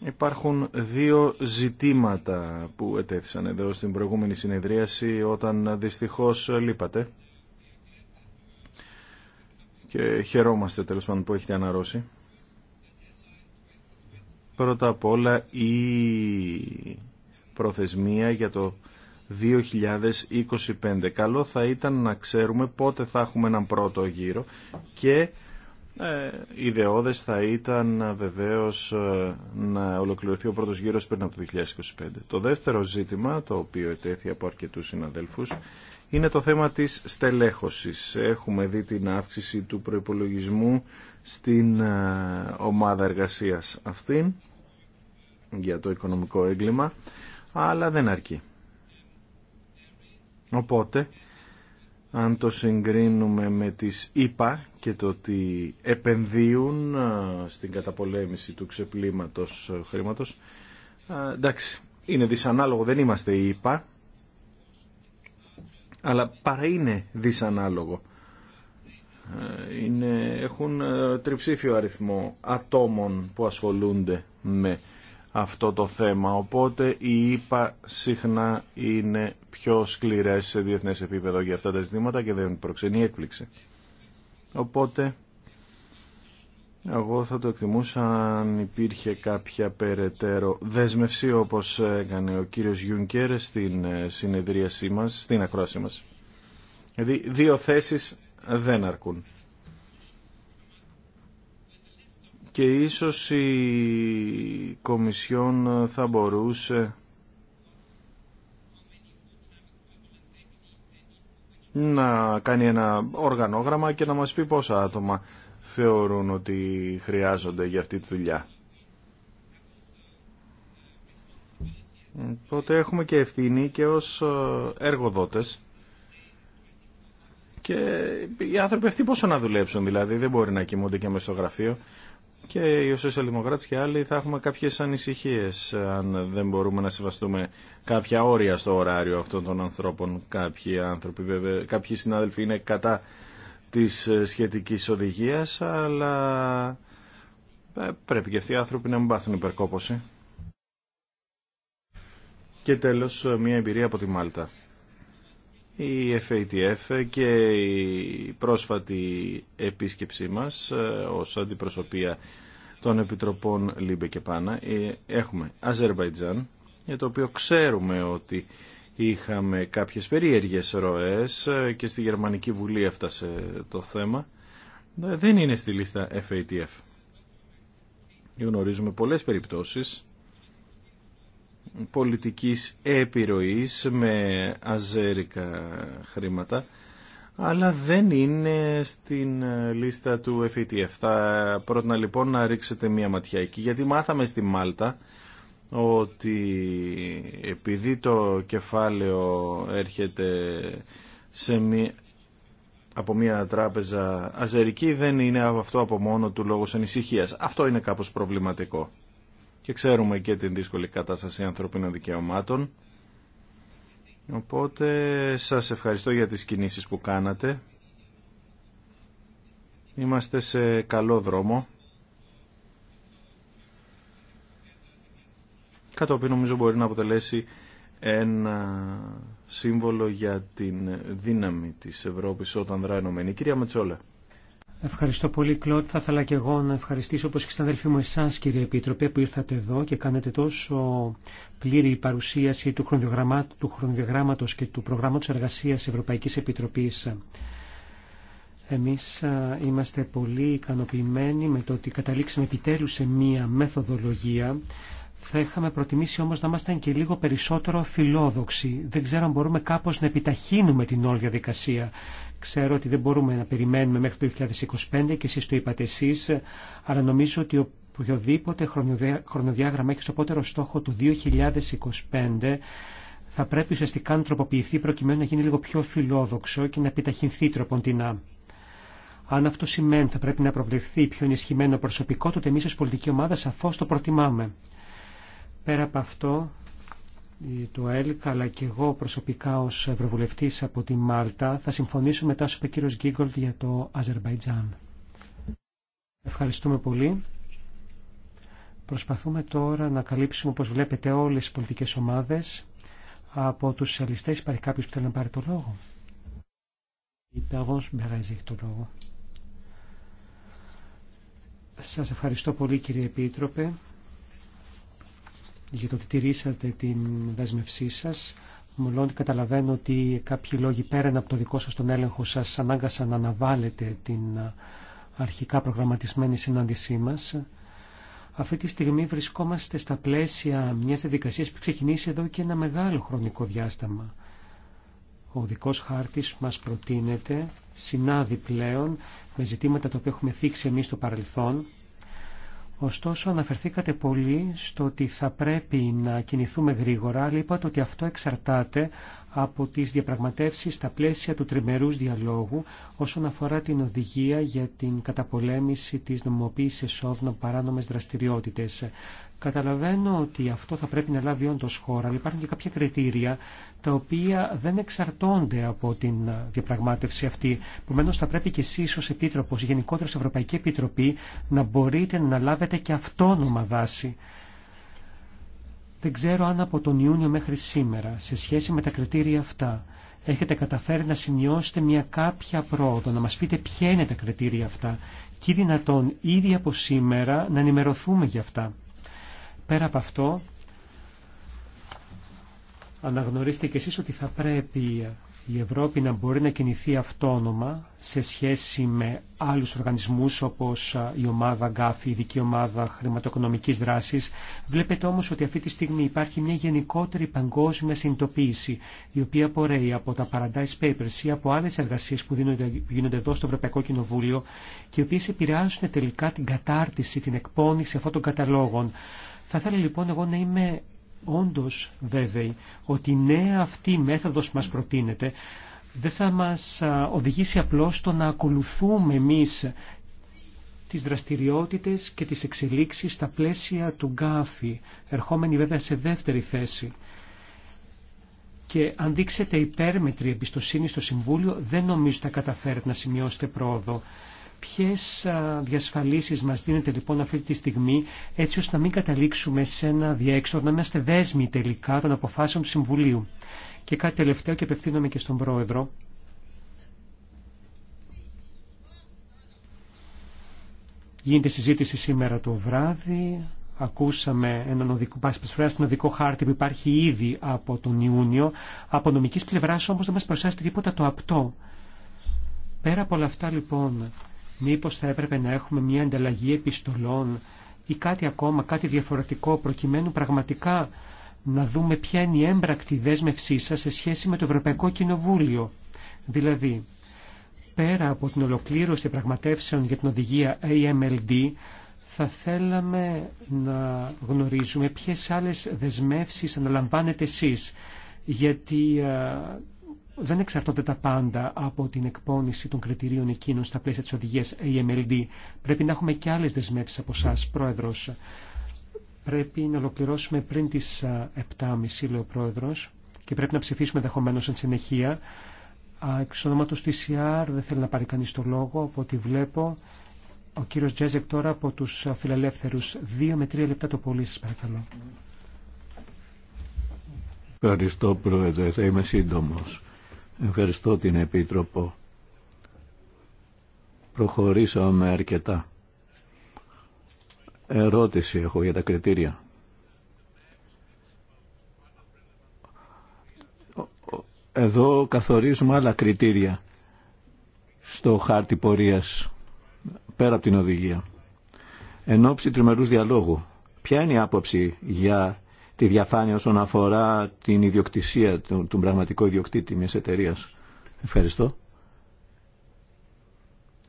υπάρχουν δύο ζητήματα που ετέθησαν εδώ στην προηγούμενη συνεδρίαση όταν δυστυχώς λείπατε και χαιρόμαστε τέλος πάντων που έχετε αναρρώσει. Πρώτα απ' όλα η προθεσμία για το 2025. Καλό θα ήταν να ξέρουμε πότε θα έχουμε έναν πρώτο γύρο και ε, ιδεώδες θα ήταν ε, βεβαίως ε, να ολοκληρωθεί ο πρώτος γύρος πριν από το 2025. Το δεύτερο ζήτημα, το οποίο ετέθη από αρκετούς συναδέλφους, είναι το θέμα της στελέχωσης. Έχουμε δει την αύξηση του προϋπολογισμού στην ε, ομάδα εργασίας αυτήν για το οικονομικό έγκλημα, αλλά δεν αρκεί. Οπότε, αν το συγκρίνουμε με τις ΙΠΑ και το ότι επενδύουν ε, στην καταπολέμηση του ξεπλήματος χρήματος, ε, εντάξει, είναι δυσανάλογο, δεν είμαστε ΙΠΑ, αλλά παρά είναι δυσανάλογο. Ε, είναι, έχουν ε, τριψήφιο αριθμό ατόμων που ασχολούνται με αυτό το θέμα. Οπότε οι ΙΠΑ συχνά είναι πιο σκληρές σε διεθνές επίπεδο για αυτά τα ζητήματα και δεν προξενεί έκπληξη. Οπότε εγώ θα το εκτιμούσα αν υπήρχε κάποια περαιτέρω δέσμευση όπως έκανε ο κύριος Γιούνκερ στην ε, συνεδρίασή μας, στην ακρόαση μας. Δηλαδή δύο θέσεις δεν αρκούν. Και ίσως η Κομισιόν θα μπορούσε να κάνει ένα οργανόγραμμα και να μας πει πόσα άτομα θεωρούν ότι χρειάζονται για αυτή τη δουλειά. Οπότε έχουμε και ευθύνη και ως εργοδότες και οι άνθρωποι αυτοί πόσο να δουλέψουν δηλαδή, δεν μπορεί να κοιμούνται και μες στο γραφείο και οι σοσιαλδημοκράτες και άλλοι θα έχουμε κάποιες ανησυχίες αν δεν μπορούμε να συμβαστούμε κάποια όρια στο ωράριο αυτών των ανθρώπων. Κάποιοι, άνθρωποι, βέβαια, κάποιοι συνάδελφοι είναι κατά της ε, σχετικής οδηγίας, αλλά ε, πρέπει και αυτοί οι άνθρωποι να μην πάθουν υπερκόπωση. Και τέλος, ε, μια εμπειρία από τη Μάλτα. Η FATF και η πρόσφατη επίσκεψή μας ως αντιπροσωπεία των Επιτροπών Λίμπε και Πάνα έχουμε Αζερβαϊτζάν, για το οποίο ξέρουμε ότι είχαμε κάποιες περίεργες ροές και στη Γερμανική Βουλή έφτασε το θέμα. Δεν είναι στη λίστα FATF. Γνωρίζουμε πολλές περιπτώσεις πολιτικής επιρροής με αζέρικα χρήματα αλλά δεν είναι στην λίστα του FATF. Θα πρότεινα λοιπόν να ρίξετε μία ματιά εκεί γιατί μάθαμε στη Μάλτα ότι επειδή το κεφάλαιο έρχεται σε μία, από μια τράπεζα αζερική δεν είναι αυτό από μόνο του λόγος ανησυχία. Αυτό είναι κάπως προβληματικό. Και ξέρουμε και την δύσκολη κατάσταση ανθρωπίνων δικαιωμάτων. Οπότε σας ευχαριστώ για τις κινήσεις που κάνατε. Είμαστε σε καλό δρόμο. Πάσχα, το οποίο νομίζω μπορεί να αποτελέσει ένα σύμβολο για την δύναμη της Ευρώπης όταν δράει ενωμένη. Κυρία Μετσόλα. Ευχαριστώ πολύ, Κλώτ. Θα ήθελα και εγώ να ευχαριστήσω όπως και στα αδελφή μου εσάς, κύριε Επίτροπε, που ήρθατε εδώ και κάνετε τόσο πλήρη παρουσίαση του, του χρονοδιογράμματος και του προγράμματος εργασίας Ευρωπαϊκής Επιτροπής. Εμείς είμαστε πολύ ικανοποιημένοι με το ότι καταλήξαμε επιτέλους σε μία μεθοδολογία θα είχαμε προτιμήσει όμως να ήμασταν και λίγο περισσότερο φιλόδοξοι. Δεν ξέρω αν μπορούμε κάπως να επιταχύνουμε την όλη διαδικασία. Ξέρω ότι δεν μπορούμε να περιμένουμε μέχρι το 2025 και εσείς το είπατε εσείς, αλλά νομίζω ότι οποιοδήποτε χρονοδιάγραμμα έχει στο πότερο στόχο του 2025 θα πρέπει ουσιαστικά να τροποποιηθεί προκειμένου να γίνει λίγο πιο φιλόδοξο και να επιταχυνθεί τροποντινά. Αν αυτό σημαίνει θα πρέπει να προβληθεί πιο ενισχυμένο προσωπικό, τότε εμεί ω πολιτική ομάδα σαφώ το προτιμάμε. Πέρα από αυτό, το ΕΛΚ αλλά και εγώ προσωπικά ως Ευρωβουλευτής από τη Μάλτα θα συμφωνήσω μετά σου είπε ο κύριος Γκίγκολτ για το Αζερβαϊτζάν. Ευχαριστούμε πολύ. Προσπαθούμε τώρα να καλύψουμε όπως βλέπετε όλες τις πολιτικές ομάδες. Από τους σοσιαλιστές υπάρχει κάποιος που θέλει να πάρει το λόγο. Η το λόγο. Σας ευχαριστώ πολύ κύριε Επίτροπε για το ότι τηρήσατε την δέσμευσή σας. Μολόν καταλαβαίνω ότι κάποιοι λόγοι πέραν από το δικό σας τον έλεγχο σας ανάγκασαν να αναβάλλετε την αρχικά προγραμματισμένη συνάντησή μας. Αυτή τη στιγμή βρισκόμαστε στα πλαίσια μιας διαδικασίας που ξεκινήσει εδώ και ένα μεγάλο χρονικό διάστημα. Ο δικός χάρτης μας προτείνεται, συνάδει πλέον με ζητήματα τα οποία έχουμε θίξει εμείς στο παρελθόν, Ωστόσο αναφερθήκατε πολύ στο ότι θα πρέπει να κινηθούμε γρήγορα, αλλά είπατε ότι αυτό εξαρτάται από τις διαπραγματεύσεις στα πλαίσια του τριμερούς διαλόγου όσον αφορά την οδηγία για την καταπολέμηση της νομοποίησης εσόδων παράνομες δραστηριότητες. Καταλαβαίνω ότι αυτό θα πρέπει να λάβει όντω χώρα, αλλά υπάρχουν και κάποια κριτήρια τα οποία δεν εξαρτώνται από την διαπραγμάτευση αυτή. Επομένω, θα πρέπει και εσεί ω Επίτροπο, γενικότερα ω Ευρωπαϊκή Επιτροπή, να μπορείτε να λάβετε και αυτόνομα δάση. Δεν ξέρω αν από τον Ιούνιο μέχρι σήμερα, σε σχέση με τα κριτήρια αυτά, έχετε καταφέρει να σημειώσετε μια κάποια πρόοδο, να μας πείτε ποια είναι τα κριτήρια αυτά και δυνατόν ήδη από σήμερα να ενημερωθούμε για αυτά. Πέρα από αυτό, αναγνωρίστε και εσείς ότι θα πρέπει η Ευρώπη να μπορεί να κινηθεί αυτόνομα σε σχέση με άλλους οργανισμούς όπως η ομάδα ΓΚΑΦ, η ειδική ομάδα χρηματοοικονομικής δράσης. Βλέπετε όμως ότι αυτή τη στιγμή υπάρχει μια γενικότερη παγκόσμια συνειδητοποίηση η οποία απορρέει από τα Paradise Papers ή από άλλες εργασίες που, που γίνονται εδώ στο Ευρωπαϊκό Κοινοβούλιο και οι οποίες επηρεάζουν τελικά την κατάρτιση, την εκπόνηση αυτών των καταλόγων. Θα ήθελα λοιπόν εγώ να είμαι όντως βέβαιη ότι η νέα αυτή μέθοδος μας προτείνεται δεν θα μας οδηγήσει απλώς στο να ακολουθούμε εμείς τις δραστηριότητες και τις εξελίξεις στα πλαίσια του γκάφη, ερχόμενη βέβαια σε δεύτερη θέση. Και αν δείξετε υπέρμετρη εμπιστοσύνη στο Συμβούλιο, δεν νομίζω ότι θα καταφέρετε να σημειώσετε πρόοδο. Ποιες διασφαλίσεις μας δίνεται λοιπόν αυτή τη στιγμή έτσι ώστε να μην καταλήξουμε σε ένα διέξοδο, να είμαστε δέσμοι τελικά των αποφάσεων του Συμβουλίου. Και κάτι τελευταίο και απευθύνομαι και στον Πρόεδρο. Γίνεται συζήτηση σήμερα το βράδυ. Ακούσαμε έναν οδικό, στην οδικό χάρτη που υπάρχει ήδη από τον Ιούνιο. Από νομική πλευρά όμω δεν μα παρουσιάζεται τίποτα το απτό. Πέρα από όλα αυτά λοιπόν Μήπως θα έπρεπε να έχουμε μια ανταλλαγή επιστολών ή κάτι ακόμα, κάτι διαφορετικό, προκειμένου πραγματικά να δούμε ποια είναι η έμπρακτη δέσμευσή σας σε σχέση με το Ευρωπαϊκό Κοινοβούλιο. Δηλαδή, πέρα από την ολοκλήρωση πραγματεύσεων για την οδηγία AMLD, θα θέλαμε να γνωρίζουμε ποιες άλλες δεσμεύσεις αναλαμβάνετε εσείς. Γιατί δεν εξαρτώνται τα πάντα από την εκπόνηση των κριτηρίων εκείνων στα πλαίσια της οδηγίας AMLD. Πρέπει να έχουμε και άλλες δεσμεύσεις από εσά, Πρόεδρος. Πρέπει να ολοκληρώσουμε πριν τις 7.30, λέει ο Πρόεδρος, και πρέπει να ψηφίσουμε ενδεχομένω εν συνεχεία. Εξ ονόματος TCR δεν θέλει να πάρει κανείς το λόγο, από ό,τι βλέπω. Ο κύριος Τζέζεκ τώρα από τους φιλελεύθερους. Δύο με τρία λεπτά το πολύ, σας παρακαλώ. Ευχαριστώ, Πρόεδρε. Θα είμαι σύντομος. Ευχαριστώ την Επίτροπο. Προχωρήσαμε αρκετά. Ερώτηση έχω για τα κριτήρια. Εδώ καθορίζουμε άλλα κριτήρια στο χάρτη πορείας, πέρα από την οδηγία. Εν ώψη τριμερούς διαλόγου, ποια είναι η άποψη για τη διαφάνεια όσον αφορά την ιδιοκτησία, του του πραγματικό ιδιοκτήτη μιας εταιρεία. Ευχαριστώ.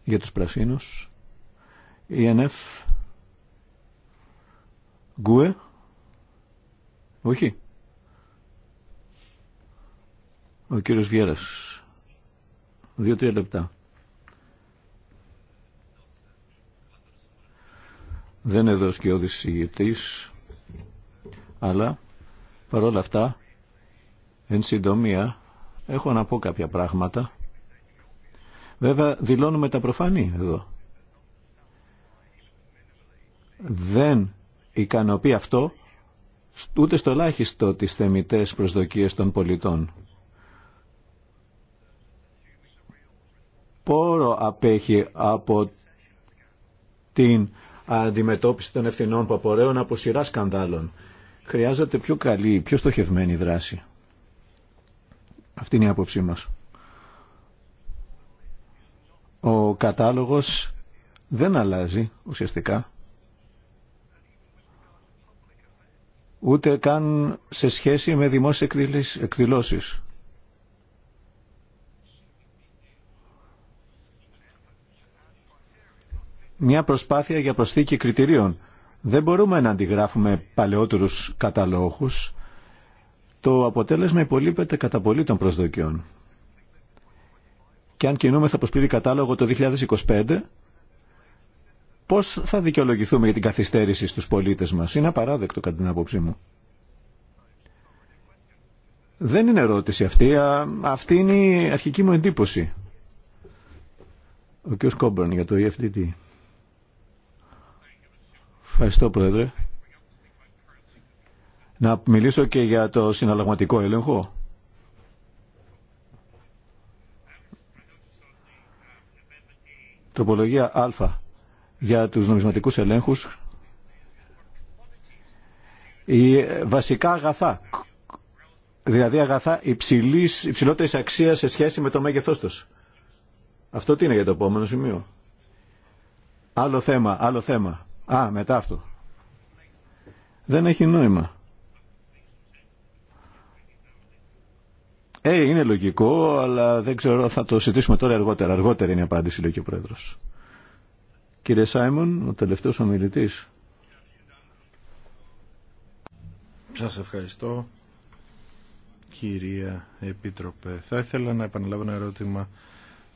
Για τους πρασίνους. ΕΝΕΦ. Γκουε. Όχι. Ο κύριος Βιέρας. Δύο-τρία λεπτά. Δεν και ο ηγετής αλλά παρόλα αυτά, εν συντομία, έχω να πω κάποια πράγματα. Βέβαια, δηλώνουμε τα προφανή εδώ. Δεν ικανοποιεί αυτό ούτε στο ελάχιστο τις θεμητές προσδοκίες των πολιτών. Πόρο απέχει από την αντιμετώπιση των ευθυνών που απορρέουν από σειρά σκανδάλων. Χρειάζεται πιο καλή, πιο στοχευμένη δράση. Αυτή είναι η άποψή μας. Ο κατάλογος δεν αλλάζει ουσιαστικά. Ούτε καν σε σχέση με δημόσιες εκδηλώσεις. Μια προσπάθεια για προσθήκη κριτηρίων δεν μπορούμε να αντιγράφουμε παλαιότερους καταλόγους. Το αποτέλεσμα υπολείπεται κατά πολύ των προσδοκιών. Και αν κινούμεθα θα πλήρη κατάλογο το 2025, πώς θα δικαιολογηθούμε για την καθυστέρηση στους πολίτες μας. Είναι απαράδεκτο κατά την άποψή μου. Δεν είναι ερώτηση αυτή. Αυτή είναι η αρχική μου εντύπωση. Ο κ. Κόμπερν για το EFTD. Ευχαριστώ, Πρόεδρε. Να μιλήσω και για το συναλλαγματικό έλεγχο. Τροπολογία Α για τους νομισματικούς ελέγχους. Η βασικά αγαθά, δηλαδή αγαθά υψηλής, υψηλότερης αξίας σε σχέση με το μέγεθός τους. Αυτό τι είναι για το επόμενο σημείο. Άλλο θέμα, άλλο θέμα. Α, μετά αυτό. Δεν έχει νόημα. Ε, είναι λογικό, αλλά δεν ξέρω, θα το συζητήσουμε τώρα αργότερα. Αργότερα είναι η απάντηση, λέει και ο Πρόεδρος. Κύριε Σάιμον, ο τελευταίος ομιλητής. Σας ευχαριστώ, κυρία Επίτροπε. Θα ήθελα να επαναλάβω ένα ερώτημα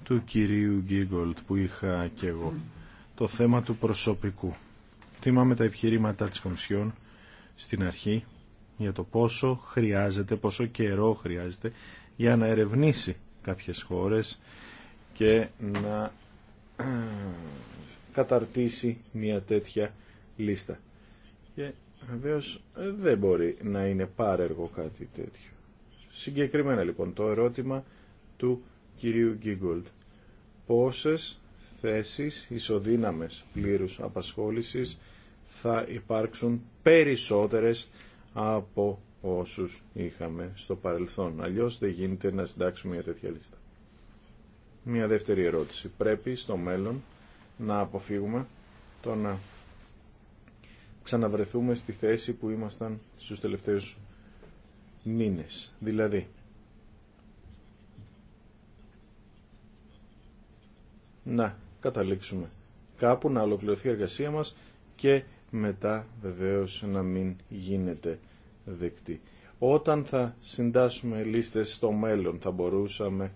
του κυρίου Γκίγκολτ που είχα και εγώ. Το θέμα του προσωπικού. Θυμάμαι τα επιχειρήματα της Κομισιόν στην αρχή για το πόσο χρειάζεται, πόσο καιρό χρειάζεται για να ερευνήσει κάποιες χώρες και να ε, καταρτήσει μια τέτοια λίστα. Και βεβαίω ε, δεν μπορεί να είναι πάρεργο κάτι τέτοιο. Συγκεκριμένα λοιπόν το ερώτημα του κυρίου Γκίγκολτ. Πόσες θέσεις ισοδύναμες πλήρους απασχόλησης θα υπάρξουν περισσότερες από όσους είχαμε στο παρελθόν. Αλλιώς δεν γίνεται να συντάξουμε μια τέτοια λίστα. Μια δεύτερη ερώτηση. Πρέπει στο μέλλον να αποφύγουμε το να ξαναβρεθούμε στη θέση που ήμασταν στους τελευταίους μήνες. Δηλαδή, να καταλήξουμε κάπου, να ολοκληρωθεί η εργασία μας και μετά βεβαίως να μην γίνεται δεκτή. Όταν θα συντάσσουμε λίστες στο μέλλον θα μπορούσαμε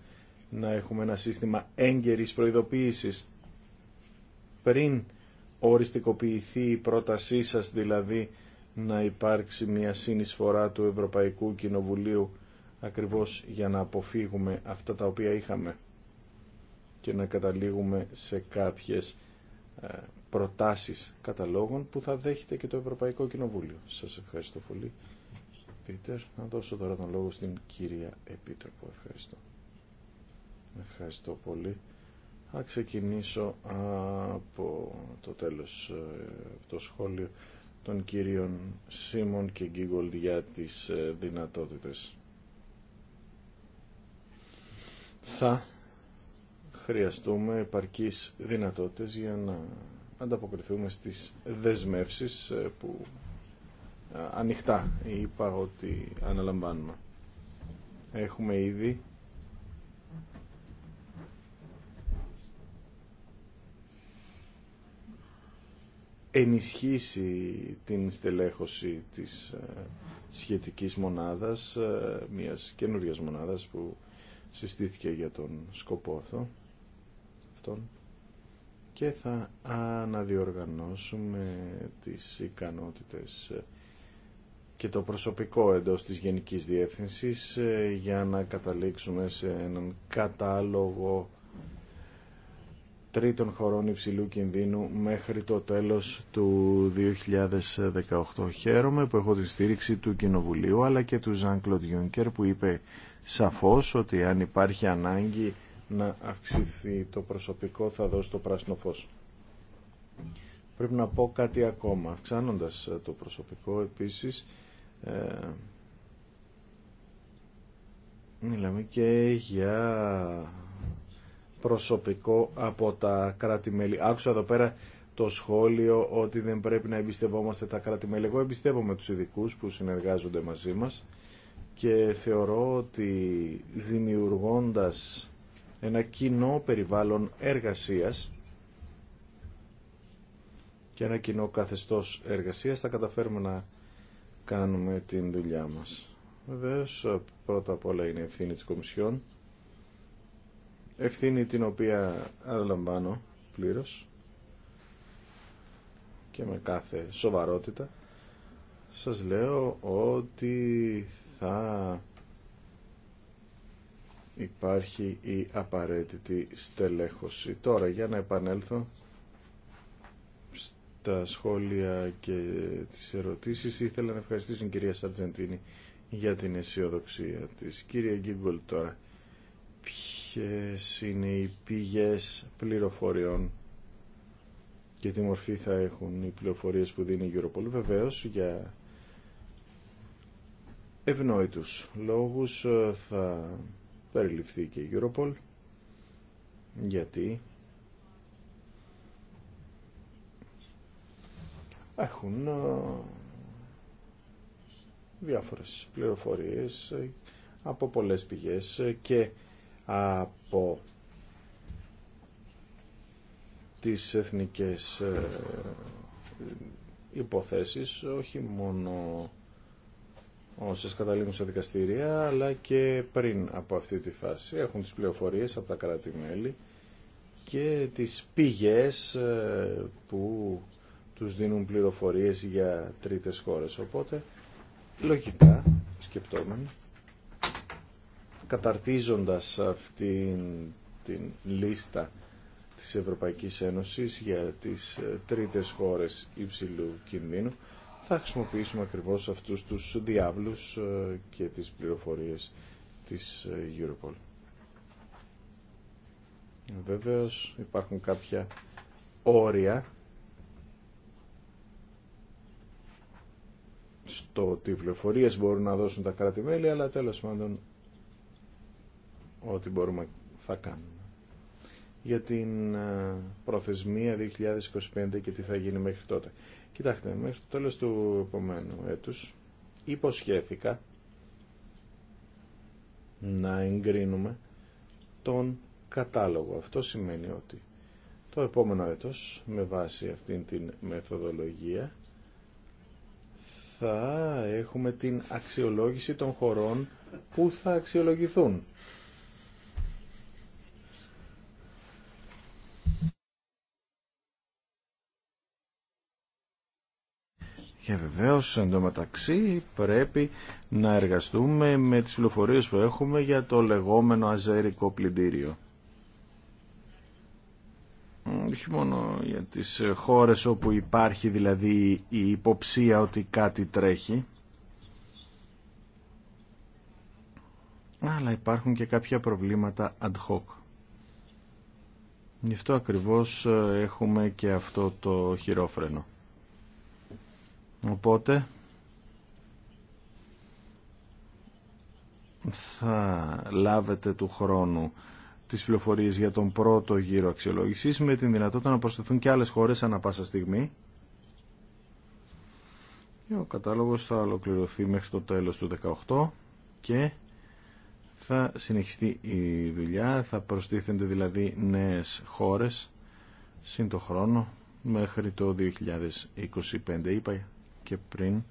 να έχουμε ένα σύστημα έγκαιρης προειδοποίησης πριν οριστικοποιηθεί η πρότασή σας δηλαδή να υπάρξει μια συνεισφορά του Ευρωπαϊκού Κοινοβουλίου ακριβώς για να αποφύγουμε αυτά τα οποία είχαμε και να καταλήγουμε σε κάποιες ε, προτάσεις καταλόγων που θα δέχεται και το Ευρωπαϊκό Κοινοβούλιο. Σας ευχαριστώ πολύ. Πίτερ, να δώσω τώρα τον λόγο στην κυρία Επίτροπο. Ευχαριστώ. Ευχαριστώ πολύ. Θα ξεκινήσω από το τέλος, ε, το σχόλιο των κυρίων Σίμων και Γκίγκολ για τις ε, δυνατότητες. Θα χρειαστούμε επαρκείς δυνατότητες για να ανταποκριθούμε στις δεσμεύσεις ε, που ε, ανοιχτά είπα ότι αναλαμβάνουμε. Έχουμε ήδη ενισχύσει την στελέχωση της ε, σχετικής μονάδας, μιας καινούριας μονάδας που συστήθηκε για τον σκοπό αυτό και θα αναδιοργανώσουμε τις ικανότητες και το προσωπικό εντός της Γενικής Διεύθυνσης ε, για να καταλήξουμε σε έναν κατάλογο τρίτων χωρών υψηλού κινδύνου μέχρι το τέλος του 2018. Χαίρομαι που έχω τη στήριξη του Κοινοβουλίου αλλά και του Ζαν Κλοντιούνκερ που είπε σαφώς ότι αν υπάρχει ανάγκη να αυξηθεί το προσωπικό θα δώσει το πράσινο φως. Πρέπει να πω κάτι ακόμα. Αυξάνοντα ε, το προσωπικό επίσης ε, μιλάμε και για προσωπικό από τα κράτη-μέλη. Άκουσα εδώ πέρα το σχόλιο ότι δεν πρέπει να εμπιστευόμαστε τα κράτη-μέλη. Εγώ εμπιστεύομαι τους ειδικού που συνεργάζονται μαζί μας και θεωρώ ότι δημιουργώντας ένα κοινό περιβάλλον εργασίας και ένα κοινό καθεστώς εργασίας θα καταφέρουμε να κάνουμε την δουλειά μας. Βεβαίω, πρώτα απ' όλα είναι η ευθύνη της Κομισιόν, ευθύνη την οποία αναλαμβάνω πλήρως και με κάθε σοβαρότητα. Σας λέω ότι θα υπάρχει η απαραίτητη στελέχωση. Τώρα για να επανέλθω στα σχόλια και τις ερωτήσεις ήθελα να ευχαριστήσω την κυρία Σαρτζεντίνη για την αισιοδοξία της. Κύριε Γκίγκολ τώρα, ποιες είναι οι πηγές πληροφοριών και τι μορφή θα έχουν οι πληροφορίες που δίνει η Europol. Βεβαίως για ευνόητους λόγους ε, θα περιληφθεί και η Europol γιατί έχουν ε, διάφορες πληροφορίες ε, από πολλές πηγές ε, και από τις εθνικές υποθέσεις όχι μόνο όσε καταλήγουν στα δικαστήρια, αλλά και πριν από αυτή τη φάση. Έχουν τις πληροφορίες από τα κράτη-μέλη και τις πηγές ε, που τους δίνουν πληροφορίες για τρίτες χώρες. Οπότε, λογικά, σκεπτόμενοι, καταρτίζοντας αυτήν την λίστα της Ευρωπαϊκής Ένωσης για τις ε, τρίτες χώρες υψηλού κινδύνου, θα χρησιμοποιήσουμε ακριβώς αυτούς τους διάβλους ε, και τις πληροφορίες της ε, Europol. Βεβαίως υπάρχουν κάποια όρια στο τι πληροφορίες μπορούν να δώσουν τα κράτη-μέλη, αλλά τέλος πάντων ό,τι μπορούμε θα κάνουμε. Για την ε, προθεσμία 2025 και τι θα γίνει μέχρι τότε. Κοιτάξτε, μέχρι το τέλος του επόμενου έτους υποσχέθηκα να εγκρίνουμε τον κατάλογο. Αυτό σημαίνει ότι το επόμενο έτος, με βάση αυτήν την μεθοδολογία, θα έχουμε την αξιολόγηση των χωρών που θα αξιολογηθούν. Και βεβαίως εντωμεταξύ πρέπει να εργαστούμε με τις πληροφορίες που έχουμε για το λεγόμενο αζέρικο πλυντήριο. Όχι μόνο για τις χώρες όπου υπάρχει δηλαδή η υποψία ότι κάτι τρέχει, αλλά υπάρχουν και κάποια προβλήματα ad hoc. Γι' αυτό ακριβώς ε, έχουμε και αυτό το χειρόφρενο. Οπότε θα λάβετε του χρόνου τις πληροφορίες για τον πρώτο γύρο αξιολόγησης με την δυνατότητα να προσθεθούν και άλλες χώρες ανά πάσα στιγμή. ο κατάλογος θα ολοκληρωθεί μέχρι το τέλος του 18 και θα συνεχιστεί η δουλειά, θα προστίθενται δηλαδή νέες χώρες σύν χρόνο μέχρι το 2025. Είπα και πριν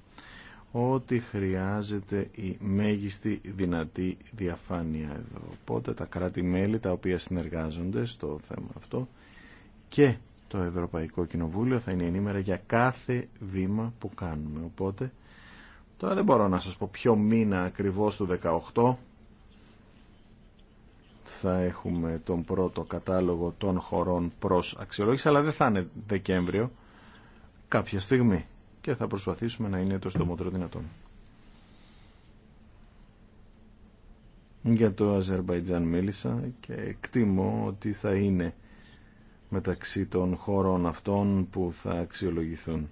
ότι χρειάζεται η μέγιστη δυνατή διαφάνεια εδώ. Οπότε τα κράτη-μέλη τα οποία συνεργάζονται στο θέμα αυτό και το Ευρωπαϊκό Κοινοβούλιο θα είναι ενήμερα για κάθε βήμα που κάνουμε. Οπότε τώρα δεν μπορώ να σας πω ποιο μήνα ακριβώς του 18 θα έχουμε τον πρώτο κατάλογο των χωρών προς αξιολόγηση, αλλά δεν θα είναι Δεκέμβριο κάποια στιγμή και θα προσπαθήσουμε να είναι το στομότερο δυνατόν. Για το Αζερβαϊτζάν μίλησα και εκτιμώ ότι θα είναι μεταξύ των χωρών αυτών που θα αξιολογηθούν.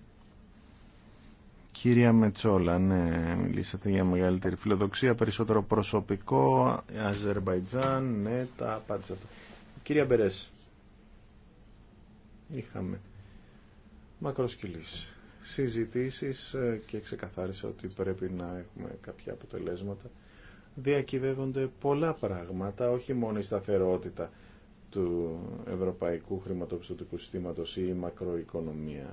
Κύρια Μετσόλα, ναι, μιλήσατε για μεγαλύτερη φιλοδοξία, περισσότερο προσωπικό, Αζερβαϊτζάν, ναι, τα απάντησα αυτά. Κυρία Μπερές, είχαμε μακροσκυλής συζητήσεις ε, και ξεκαθάρισα ότι πρέπει να έχουμε κάποια αποτελέσματα. Διακυβεύονται πολλά πράγματα, όχι μόνο η σταθερότητα του ευρωπαϊκού χρηματοπιστωτικού συστήματος ή η μακροοικονομία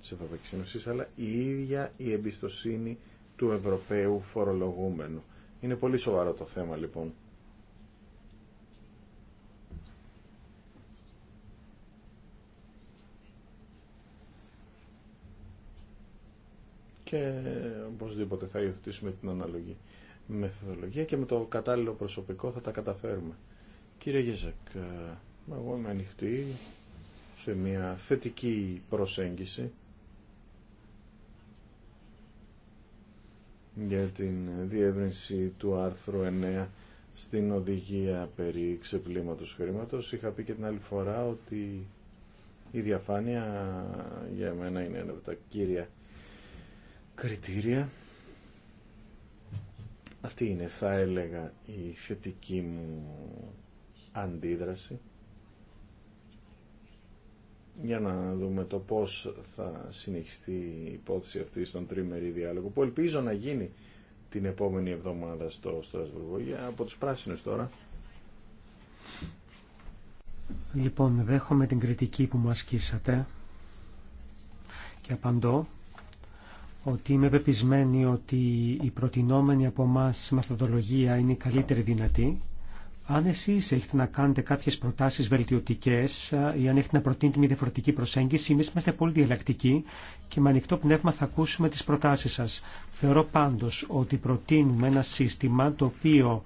της Ευρωπαϊκής Ένωσης, αλλά η ίδια η εμπιστοσύνη του Ευρωπαίου φορολογούμενου. Είναι πολύ σοβαρό το θέμα λοιπόν. και οπωσδήποτε θα υιοθετήσουμε την αναλογή μεθοδολογία και με το κατάλληλο προσωπικό θα τα καταφέρουμε. Κύριε Γεζακ, ε, εγώ είμαι ανοιχτή σε μια θετική προσέγγιση για την διεύρυνση του άρθρου 9 στην οδηγία περί ξεπλήματος χρήματος. Είχα πει και την άλλη φορά ότι η διαφάνεια για μένα είναι ένα από τα κύρια κριτήρια. Αυτή είναι, θα έλεγα, η θετική μου αντίδραση. Για να δούμε το πώς θα συνεχιστεί η υπόθεση αυτή στον τρίμερη διάλογο, που ελπίζω να γίνει την επόμενη εβδομάδα στο Στρασβουργό, για από τους πράσινους τώρα. Λοιπόν, δέχομαι την κριτική που μου ασκήσατε και απαντώ ότι είμαι πεπισμένη ότι η προτινόμενη από εμά μεθοδολογία είναι η καλύτερη δυνατή. Αν εσεί έχετε να κάνετε κάποιε προτάσει βελτιωτικέ, ε, ή αν έχετε να προτείνετε μια διαφορετική προσέγγιση, Εμεί είμαστε πολύ διαλλακτικοί και με ανοιχτό πνεύμα θα ακούσουμε τι προτάσει σα. Θεωρώ πάντω ότι προτείνουμε ένα σύστημα το οποίο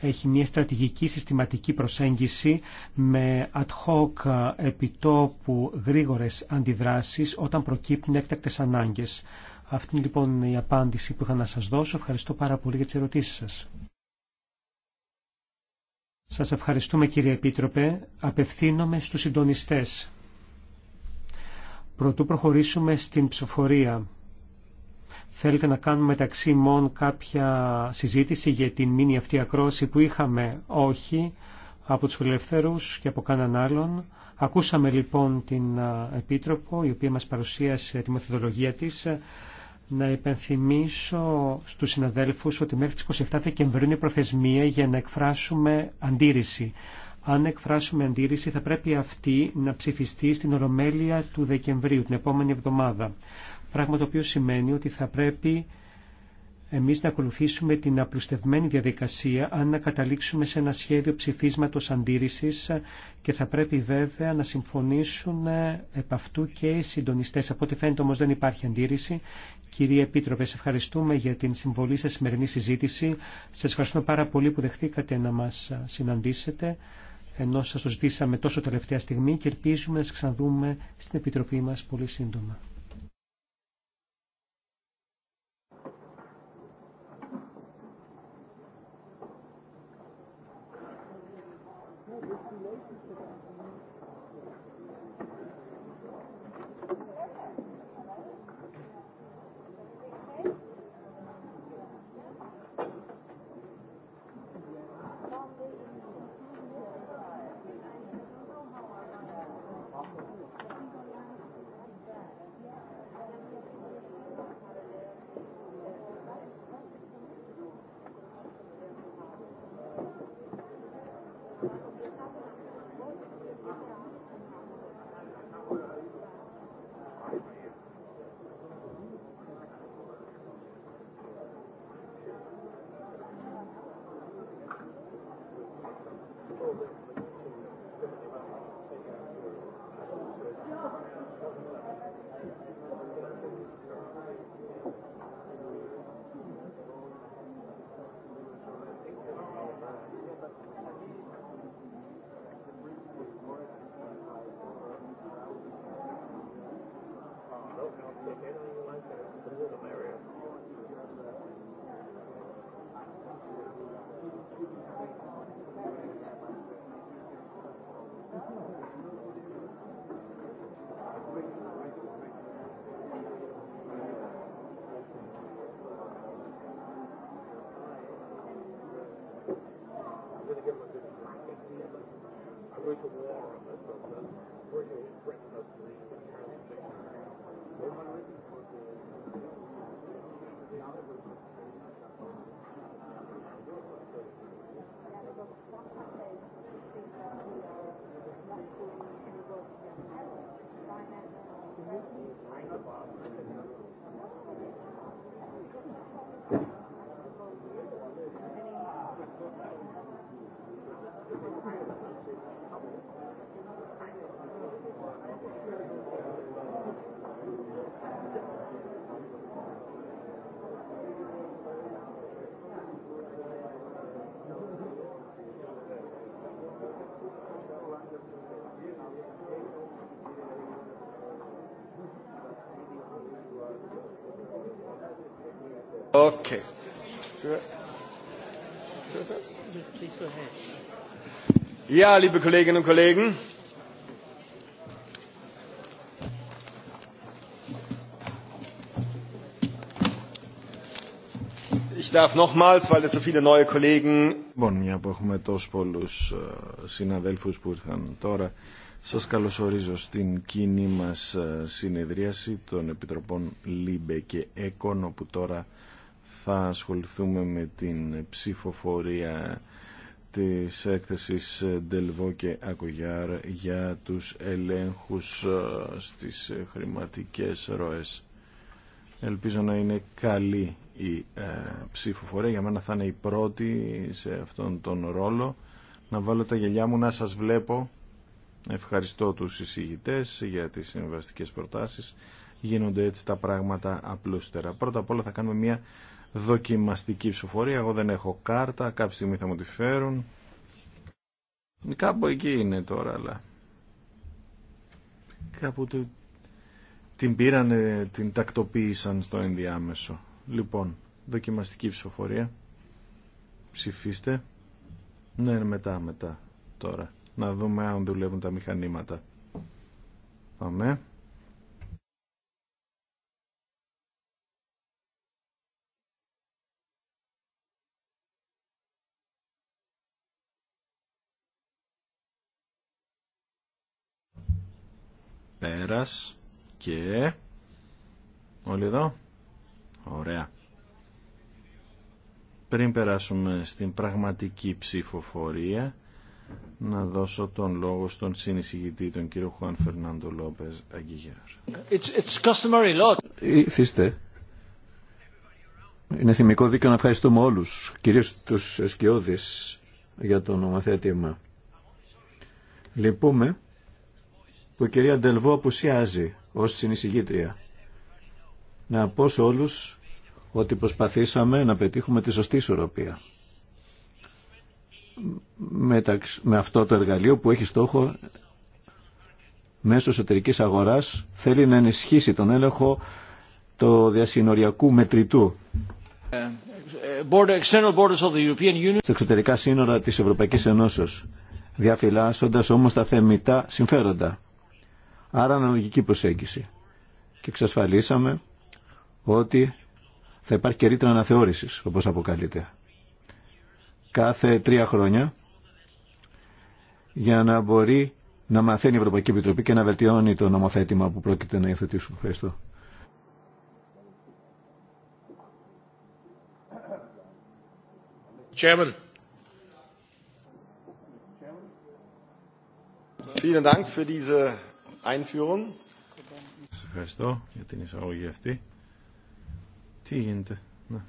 έχει μια στρατηγική συστηματική προσέγγιση με ad hoc ε, επιτόπου γρήγορες αντιδράσεις όταν προκύπτουν έκτακτες ανάγκες. Αυτή είναι λοιπόν η απάντηση που είχα να σας δώσω. Ευχαριστώ πάρα πολύ για τις ερωτήσεις σας. Σας ευχαριστούμε κύριε Επίτροπε. Απευθύνομαι στους συντονιστές. Προτού προχωρήσουμε στην ψηφοφορία. Θέλετε να κάνουμε μεταξύ μόνο κάποια συζήτηση για την μήνυ αυτή ακρόση που είχαμε όχι από τους φιλελευθέρους και από κανέναν άλλον. Ακούσαμε λοιπόν την Επίτροπο η οποία μας παρουσίασε τη μεθοδολογία της να υπενθυμίσω στους συναδέλφους ότι μέχρι τις 27 Δεκεμβρίου είναι προθεσμία για να εκφράσουμε αντίρρηση. Αν εκφράσουμε αντίρρηση θα πρέπει αυτή να ψηφιστεί στην Ορομέλεια του Δεκεμβρίου, την επόμενη εβδομάδα. Πράγμα το οποίο σημαίνει ότι θα πρέπει εμείς να ακολουθήσουμε την απλουστευμένη διαδικασία αν να καταλήξουμε σε ένα σχέδιο ψηφίσματος αντίρρησης και θα πρέπει βέβαια να συμφωνήσουν επ' αυτού και οι συντονιστές. Από ό,τι φαίνεται όμως δεν υπάρχει αντίρρηση Κύριε Επίτροπε, σε ευχαριστούμε για την συμβολή σας σημερινή συζήτηση. Σας ευχαριστούμε πάρα πολύ που δεχτήκατε να μας συναντήσετε, ενώ σας το ζητήσαμε τόσο τελευταία στιγμή και ελπίζουμε να σας ξαναδούμε στην Επιτροπή μας πολύ σύντομα. to I to to Ja, liebe Kolleginnen und Kollegen. Ich darf nochmals, weil Λοιπόν, μια που έχουμε τόσου πολλούς ε, συναδέλφου που ήρθαν τώρα, σα καλωσορίζω στην κοινή μα ε, συνεδρίαση των Επιτροπών ΛΥΜΠΕ και ΕΚΟΝ, όπου τώρα θα ασχοληθούμε με την ψηφοφορία της έκθεσης Ντελβό και Ακογιάρ για τους ελέγχους ε, στις χρηματικές ροές. Ελπίζω να είναι καλή η ε, ψηφοφορία. Για μένα θα είναι η πρώτη σε αυτόν τον ρόλο. Να βάλω τα γελιά μου να σας βλέπω. Ευχαριστώ τους εισηγητές για τις συμβαστικές προτάσεις. Γίνονται έτσι τα πράγματα απλούστερα. Πρώτα απ' όλα θα κάνουμε μια δοκιμαστική ψηφοφορία. Εγώ δεν έχω κάρτα, κάποια στιγμή θα μου τη φέρουν. Κάπου εκεί είναι τώρα, αλλά... Κάπου την πήρανε, την τακτοποίησαν στο ενδιάμεσο. Λοιπόν, δοκιμαστική ψηφοφορία. Ψηφίστε. Ναι, ναι μετά, μετά, τώρα. Να δούμε αν δουλεύουν τα μηχανήματα. Πάμε. πέρας και... Όλοι εδώ. Ωραία. Πριν περάσουμε στην πραγματική ψηφοφορία, να δώσω τον λόγο στον συνεισηγητή, τον κύριο Χουάν Φερνάντο Λόπεζ Αγγιγέρ. Είναι θυμικό δίκαιο να ευχαριστούμε όλους, κυρίως τους σκιώδεις, για το νομοθέτημα. Λυπούμε που η κυρία Ντελβό απουσιάζει ως συνεισηγήτρια. Να πω σε όλους ότι προσπαθήσαμε να πετύχουμε τη σωστή ισορροπία με αυτό το εργαλείο που έχει στόχο μέσω εσωτερική αγοράς θέλει να ενισχύσει τον έλεγχο το διασυνοριακού μετρητού Σε εξωτερικά σύνορα της Ευρωπαϊκής Ενώσεως διαφυλάσσοντας όμως τα θεμητά συμφέροντα Άρα αναλογική προσέγγιση. Και εξασφαλίσαμε ότι θα υπάρχει και ρήτρα αναθεώρησης, όπως αποκαλείται. Κάθε τρία χρόνια για να μπορεί να μαθαίνει η Ευρωπαϊκή Επιτροπή και να βελτιώνει το νομοθέτημα που πρόκειται να υιοθετήσουμε. Ευχαριστώ. Chairman. Vielen Dank für diese Einführung. ευχαριστώ για την εισαγωγή αυτή. Τι γίνεται. Να.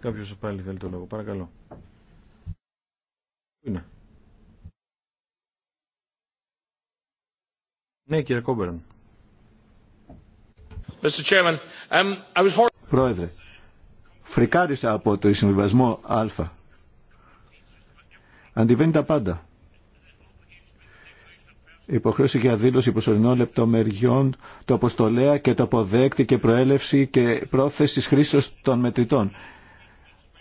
Κάποιος πάλι θέλει το λόγο. Παρακαλώ. Πού είναι. Ναι, κύριε Κόμπερν. Um, Πρόεδρε, φρικάρισα από το συμβιβασμό Α. Αντιβαίνει τα πάντα υποχρέωση για δήλωση προσωρινών λεπτομεριών, το αποστολέα και το αποδέκτη και προέλευση και πρόθεση χρήσεως των μετρητών.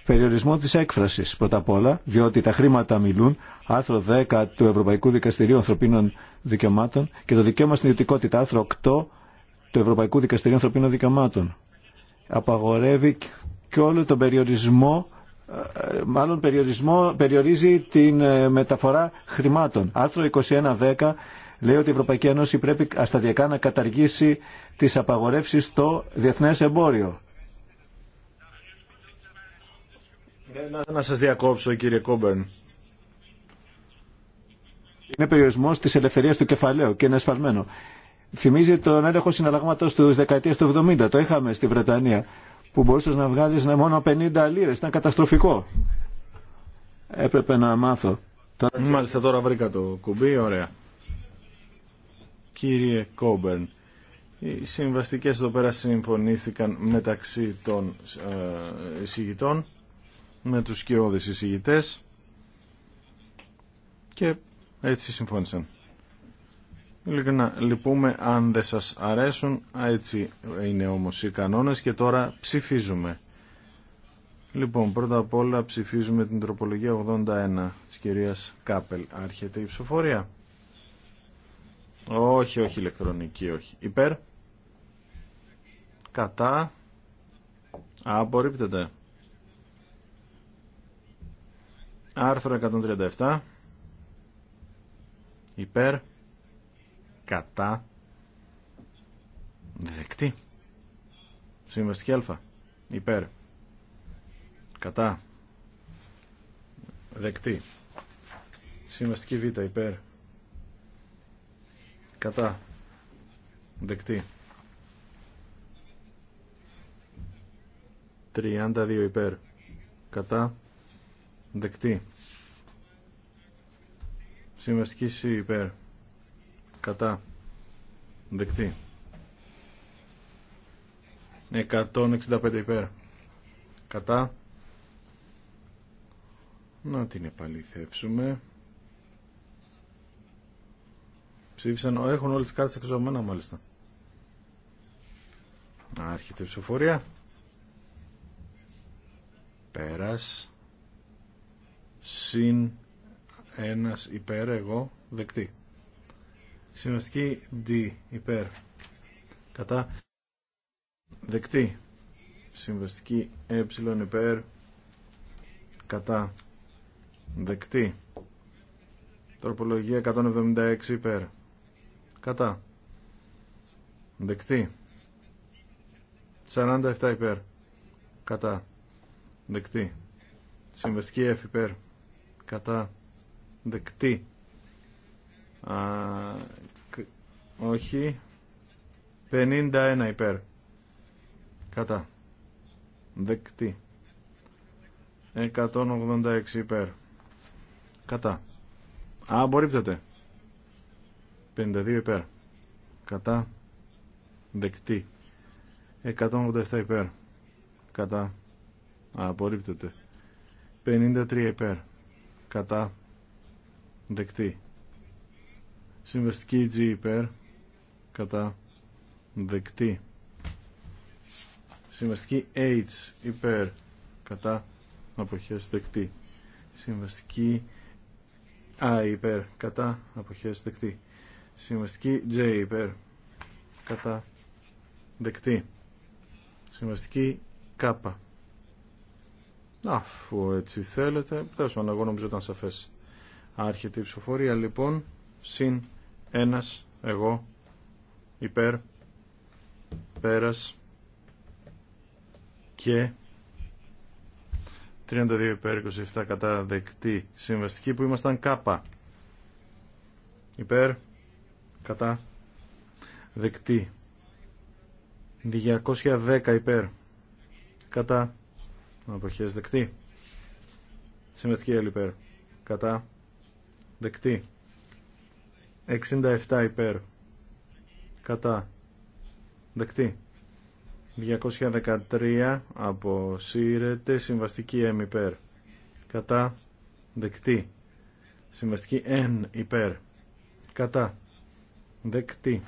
Περιορισμό τη έκφραση πρώτα απ' όλα, διότι τα χρήματα μιλούν, άρθρο 10 του Ευρωπαϊκού Δικαστηρίου Ανθρωπίνων Δικαιωμάτων και το δικαίωμα στην ιδιωτικότητα, άρθρο 8 του Ευρωπαϊκού Δικαστηρίου Ανθρωπίνων Δικαιωμάτων. Απαγορεύει και όλο τον περιορισμό ε, μάλλον περιορισμό, περιορίζει την ε, μεταφορά χρημάτων. Άρθρο λέει ότι η Ευρωπαϊκή Ένωση πρέπει ασταδιακά να καταργήσει τις απαγορεύσεις στο διεθνές εμπόριο. Ναι, να, να σας διακόψω κύριε Κόμπερν. Είναι περιορισμός της ελευθερίας του κεφαλαίου και είναι ασφαλμένο. Θυμίζει τον έλεγχο συναλλαγματο του δεκαετίας του 70, το είχαμε στη Βρετανία, που μπορούσες να βγάλεις ναι, μόνο 50 λίρες, ήταν καταστροφικό. Έπρεπε να μάθω. Μάλιστα τώρα βρήκα το κουμπί, ωραία κύριε Κόμπερν. Οι συμβαστικές εδώ πέρα συμφωνήθηκαν μεταξύ των ε, εισηγητών, με τους σκιώδεις εισηγητές και έτσι συμφώνησαν. Ειλικρινά, λυπούμε αν δεν σας αρέσουν, έτσι είναι όμως οι κανόνες και τώρα ψηφίζουμε. Λοιπόν, πρώτα απ' όλα ψηφίζουμε την τροπολογία 81 της κυρίας Κάπελ. Άρχεται η ψηφοφορία. Όχι, όχι ηλεκτρονική, όχι. Υπέρ. Κατά. Απορρίπτεται. Άρθρο 137. Υπέρ. Κατά. Δεκτή. Συμβαστική αλφα. Υπέρ. Κατά. Δεκτή. Συμβαστική β. Υπέρ κατά δεκτή 32 υπέρ κατά δεκτή συμβαστική C υπέρ κατά δεκτή 165 υπέρ κατά να την επαληθεύσουμε Ψήφισαν, έχουν όλες τις κάρτες εκτός μάλιστα. Άρχεται η ψηφοφορία. Πέρας. Συν ένας υπέρ εγώ δεκτή. Συμβαστική D υπέρ. Κατά. Δεκτή. Συμβαστική ε υπέρ. Κατά. Δεκτή. Τροπολογία 176 υπέρ. Κατά. Δεκτή. 47 υπέρ. Κατά. Δεκτή. Συμβαστική F υπέρ. Κατά. Δεκτή. Α, όχι. 51 υπέρ. Κατά. Δεκτή. 186 υπέρ. Κατά. Α, απορρίπτεται. 52 υπέρ. Κατά. Δεκτή. 187 υπέρ. Κατά. Απορρίπτεται. 53 υπέρ. Κατά. Δεκτή. Συμβαστική G υπέρ. Κατά. Δεκτή. Συμβαστική H υπέρ. Κατά. Αποχές δεκτή. Συμβαστική I υπέρ. Κατά. Αποχές δεκτή. Συμβαστική J υπέρ. Κατά. Δεκτή. Συμβαστική K. Αφού έτσι θέλετε. πρέπει να εγώ νομίζω ήταν σαφές. Άρχεται η ψηφοφορία λοιπόν. Συν Ένα εγώ υπέρ πέρας και 32 υπέρ 27 κατά δεκτή συμβαστική που ήμασταν κάπα υπέρ κατά δεκτή 210 υπέρ κατά αποχές δεκτή συμβαστική L υπέρ κατά δεκτή 67 υπέρ κατά δεκτή 213 αποσύρεται συμβαστική M υπέρ κατά δεκτή συμβαστική N υπέρ κατά δεκτή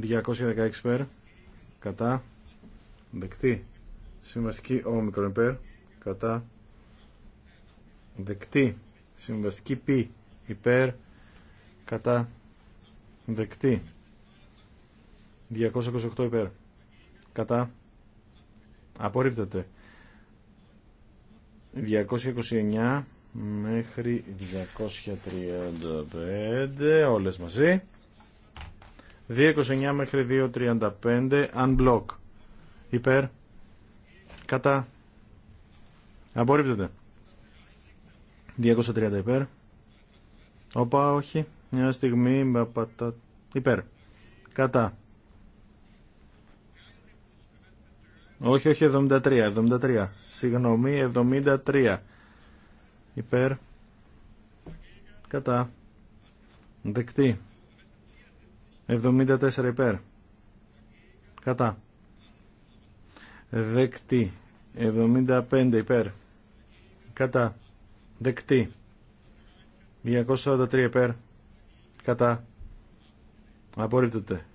216 υπέρ κατά δεκτή συμβαστική όμικρον υπέρ κατά δεκτή συμβαστική π υπέρ κατά δεκτή 228 υπέρ κατά απορρίπτεται 229 μέχρι 235 όλες μαζί 229 μέχρι 235 unblock υπέρ κατά απορρίπτεται 230 υπέρ όπα όχι μια στιγμή υπέρ κατά όχι όχι 73 73 συγγνώμη 73 υπέρ κατά δεκτή 74 υπέρ κατά δεκτή 75 υπέρ κατά δεκτή 243 υπέρ κατά απορρίπτεται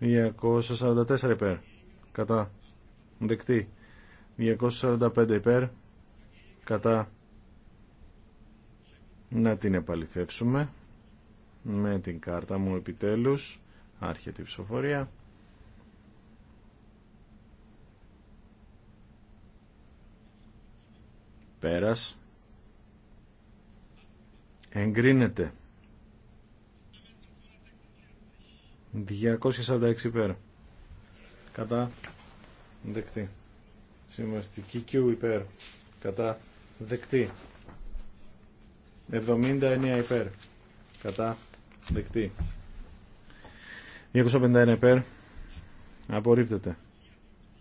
244 υπέρ κατά δεκτή 245 υπέρ κατά να την επαληθεύσουμε με την κάρτα μου επιτέλους άρχεται η ψηφοφορία πέρας εγκρίνεται 246 υπέρ κατά δεκτή συμβαστική Q υπέρ κατά δεκτή 79 υπέρ. Κατά. Δεκτή. 251 υπέρ. Απορρίπτεται.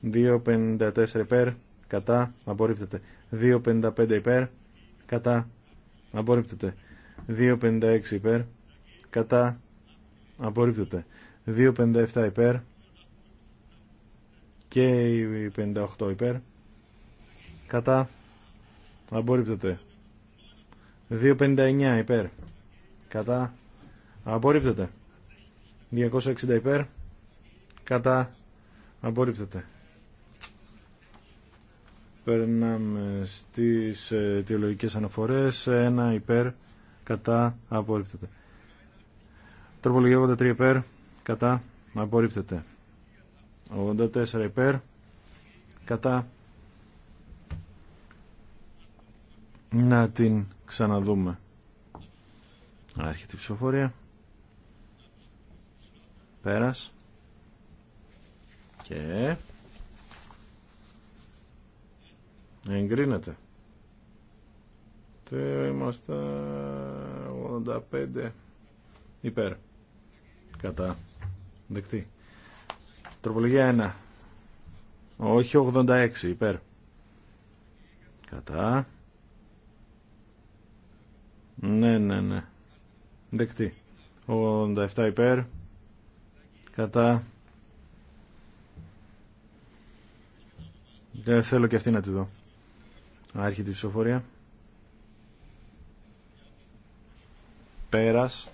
254 υπέρ. Κατά. Απορρίπτεται. 255 υπέρ. Κατά. Απορρίπτεται. 256 υπέρ. Κατά. Απορρίπτεται. 257 υπέρ. Και 58 υπέρ. Κατά. Απορρίπτεται. 259 υπέρ. Κατά. Απορρίπτεται. 260 υπέρ. Κατά. Απορρίπτεται. Περνάμε στις ε, αιτιολογικές αναφορές. 1 υπέρ. Κατά. Απορρίπτεται. Τροπολογία 83 υπέρ. Κατά. Απορρίπτεται. 84 υπέρ. Κατά. να την ξαναδούμε. Άρχεται η ψηφοφορία. Πέρας. Και... Εγκρίνεται. Και είμαστε 85 υπέρ. Κατά. Δεκτή. Τροπολογία 1. Όχι 86 υπέρ. Κατά. Ναι, ναι, ναι. Δεκτή. 87 υπέρ. Κατά. Δεν θέλω και αυτή να τη δω. Άρχεται η ψηφοφορία. Πέρας.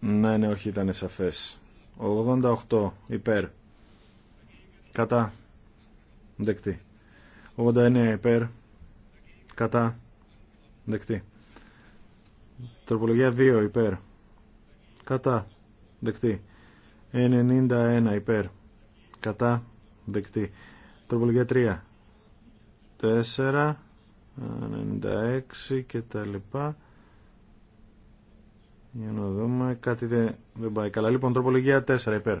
Ναι, ναι, όχι, ήταν σαφές. 88 υπέρ. Κατά. Δεκτή. 89 υπέρ. Κατά. Δεκτή. Τροπολογία 2 υπέρ. Κατά. Δεκτή. 91 υπέρ. Κατά. Δεκτή. Τροπολογία 3. 4. 96 και τα λοιπά. Για να δούμε. Κάτι δεν, δεν πάει καλά. Λοιπόν, τροπολογία 4 υπέρ.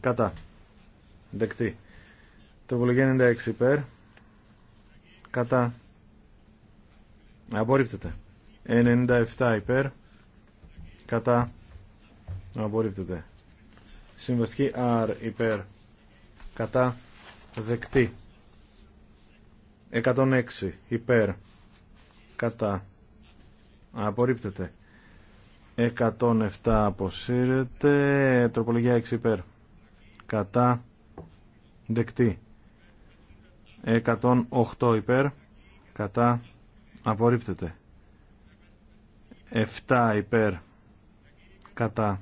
Κατά. Δεκτή. Τροπολογία 96 υπέρ. Κατά. Απορρίπτεται. 97 υπέρ. Κατά. Απορρίπτεται. Συμβαστική R υπέρ. Κατά. Δεκτή. 106 υπέρ. Κατά. Απορρίπτεται. 107 αποσύρεται. Τροπολογία 6 υπέρ. Κατά. Δεκτή. 108 υπέρ. Κατά. Απορρίπτεται. 7 υπέρ κατά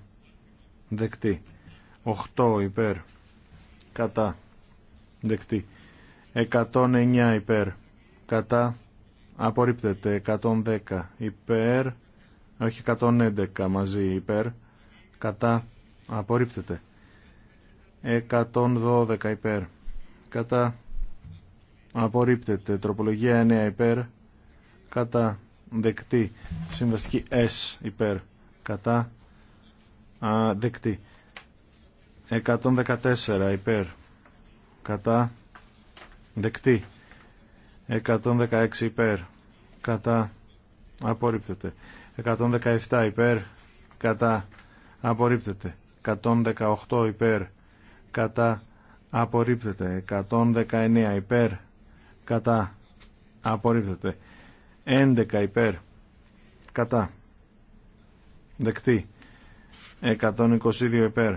δεκτή. 8 υπέρ κατά δεκτή. 109 υπέρ κατά απορρίπτεται. 110 υπέρ όχι 111 μαζί υπέρ κατά απορρίπτεται. 112 υπέρ κατά απορρίπτεται. Τροπολογία 9 υπέρ κατά δεκτή συμβαστική S υπέρ κατά α, δεκτή 114 υπέρ κατά δεκτή 116 υπέρ κατά απορρίπτεται 117 υπέρ κατά απορρίπτεται 118 υπέρ κατά απορρίπτεται 119 υπέρ κατά απορρίπτεται 11 υπέρ κατά δεκτή 122 υπέρ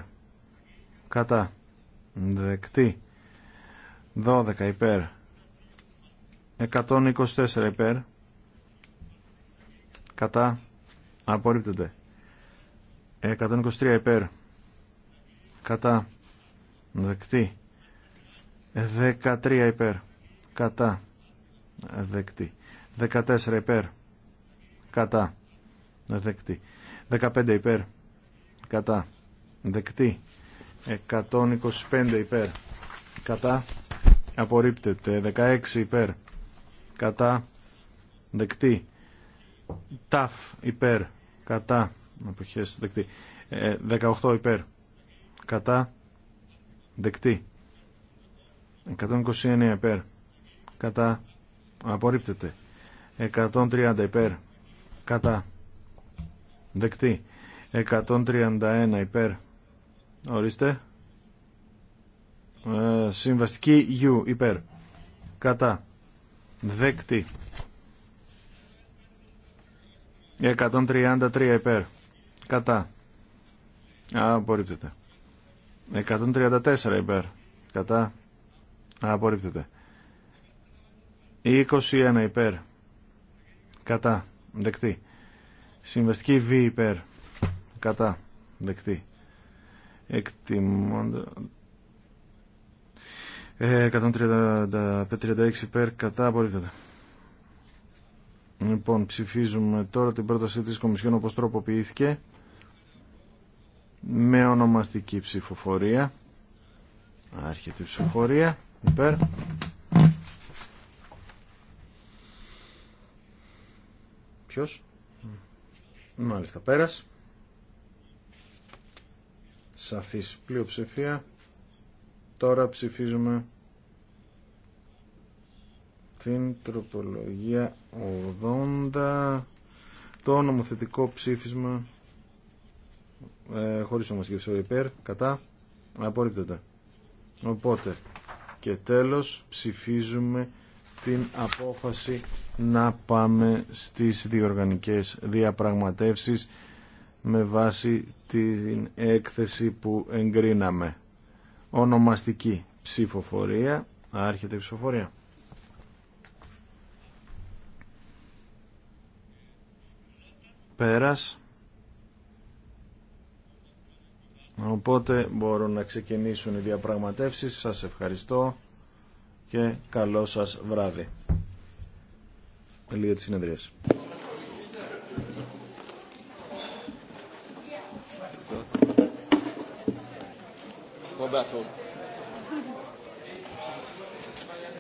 κατά δεκτή 12 υπέρ 124 υπέρ κατά απορρίπτονται 123 υπέρ κατά δεκτή 13 υπέρ κατά δεκτή 14 υπέρ. Κατά. Δεκτή. 15 υπέρ. Κατά. Δεκτή. 125 υπέρ. Κατά. Απορρίπτεται. 16 υπέρ. Κατά. Δεκτή. Ταφ υπέρ. Κατά. Αποχές. Δεκτή. 18 ε, υπέρ. Κατά. Δεκτή. 129 υπέρ. Κατά. Απορρίπτεται. 130 υπέρ κατά δεκτή 131 υπέρ ορίστε ε, συμβαστική U υπέρ κατά δεκτή 133 υπέρ κατά απορρίπτεται 134 υπέρ κατά απορρίπτεται 21 υπέρ κατά δεκτή συμβαστική β υπέρ κατά δεκτή εκτιμώντα 136 ε, υπέρ κατά απορρίπτεται λοιπόν ψηφίζουμε τώρα την πρόταση της Κομισιόν όπως τροποποιήθηκε με ονομαστική ψηφοφορία άρχεται η ψηφοφορία υπέρ Ποιος? Μάλιστα, πέρας. Σαφής πλειοψηφία. Τώρα ψηφίζουμε την τροπολογία 80 το νομοθετικό ψήφισμα ε, χωρίς όμως υπέρ, κατά, απορρίπτεται. Οπότε και τέλος ψηφίζουμε την απόφαση να πάμε στις διοργανικές διαπραγματεύσεις με βάση την έκθεση που εγκρίναμε. Ονομαστική ψηφοφορία. Άρχεται η ψηφοφορία. Πέρας. Οπότε μπορούν να ξεκινήσουν οι διαπραγματεύσεις. Σας ευχαριστώ και καλό σας βράδυ. Λίγα τη συνεδρία.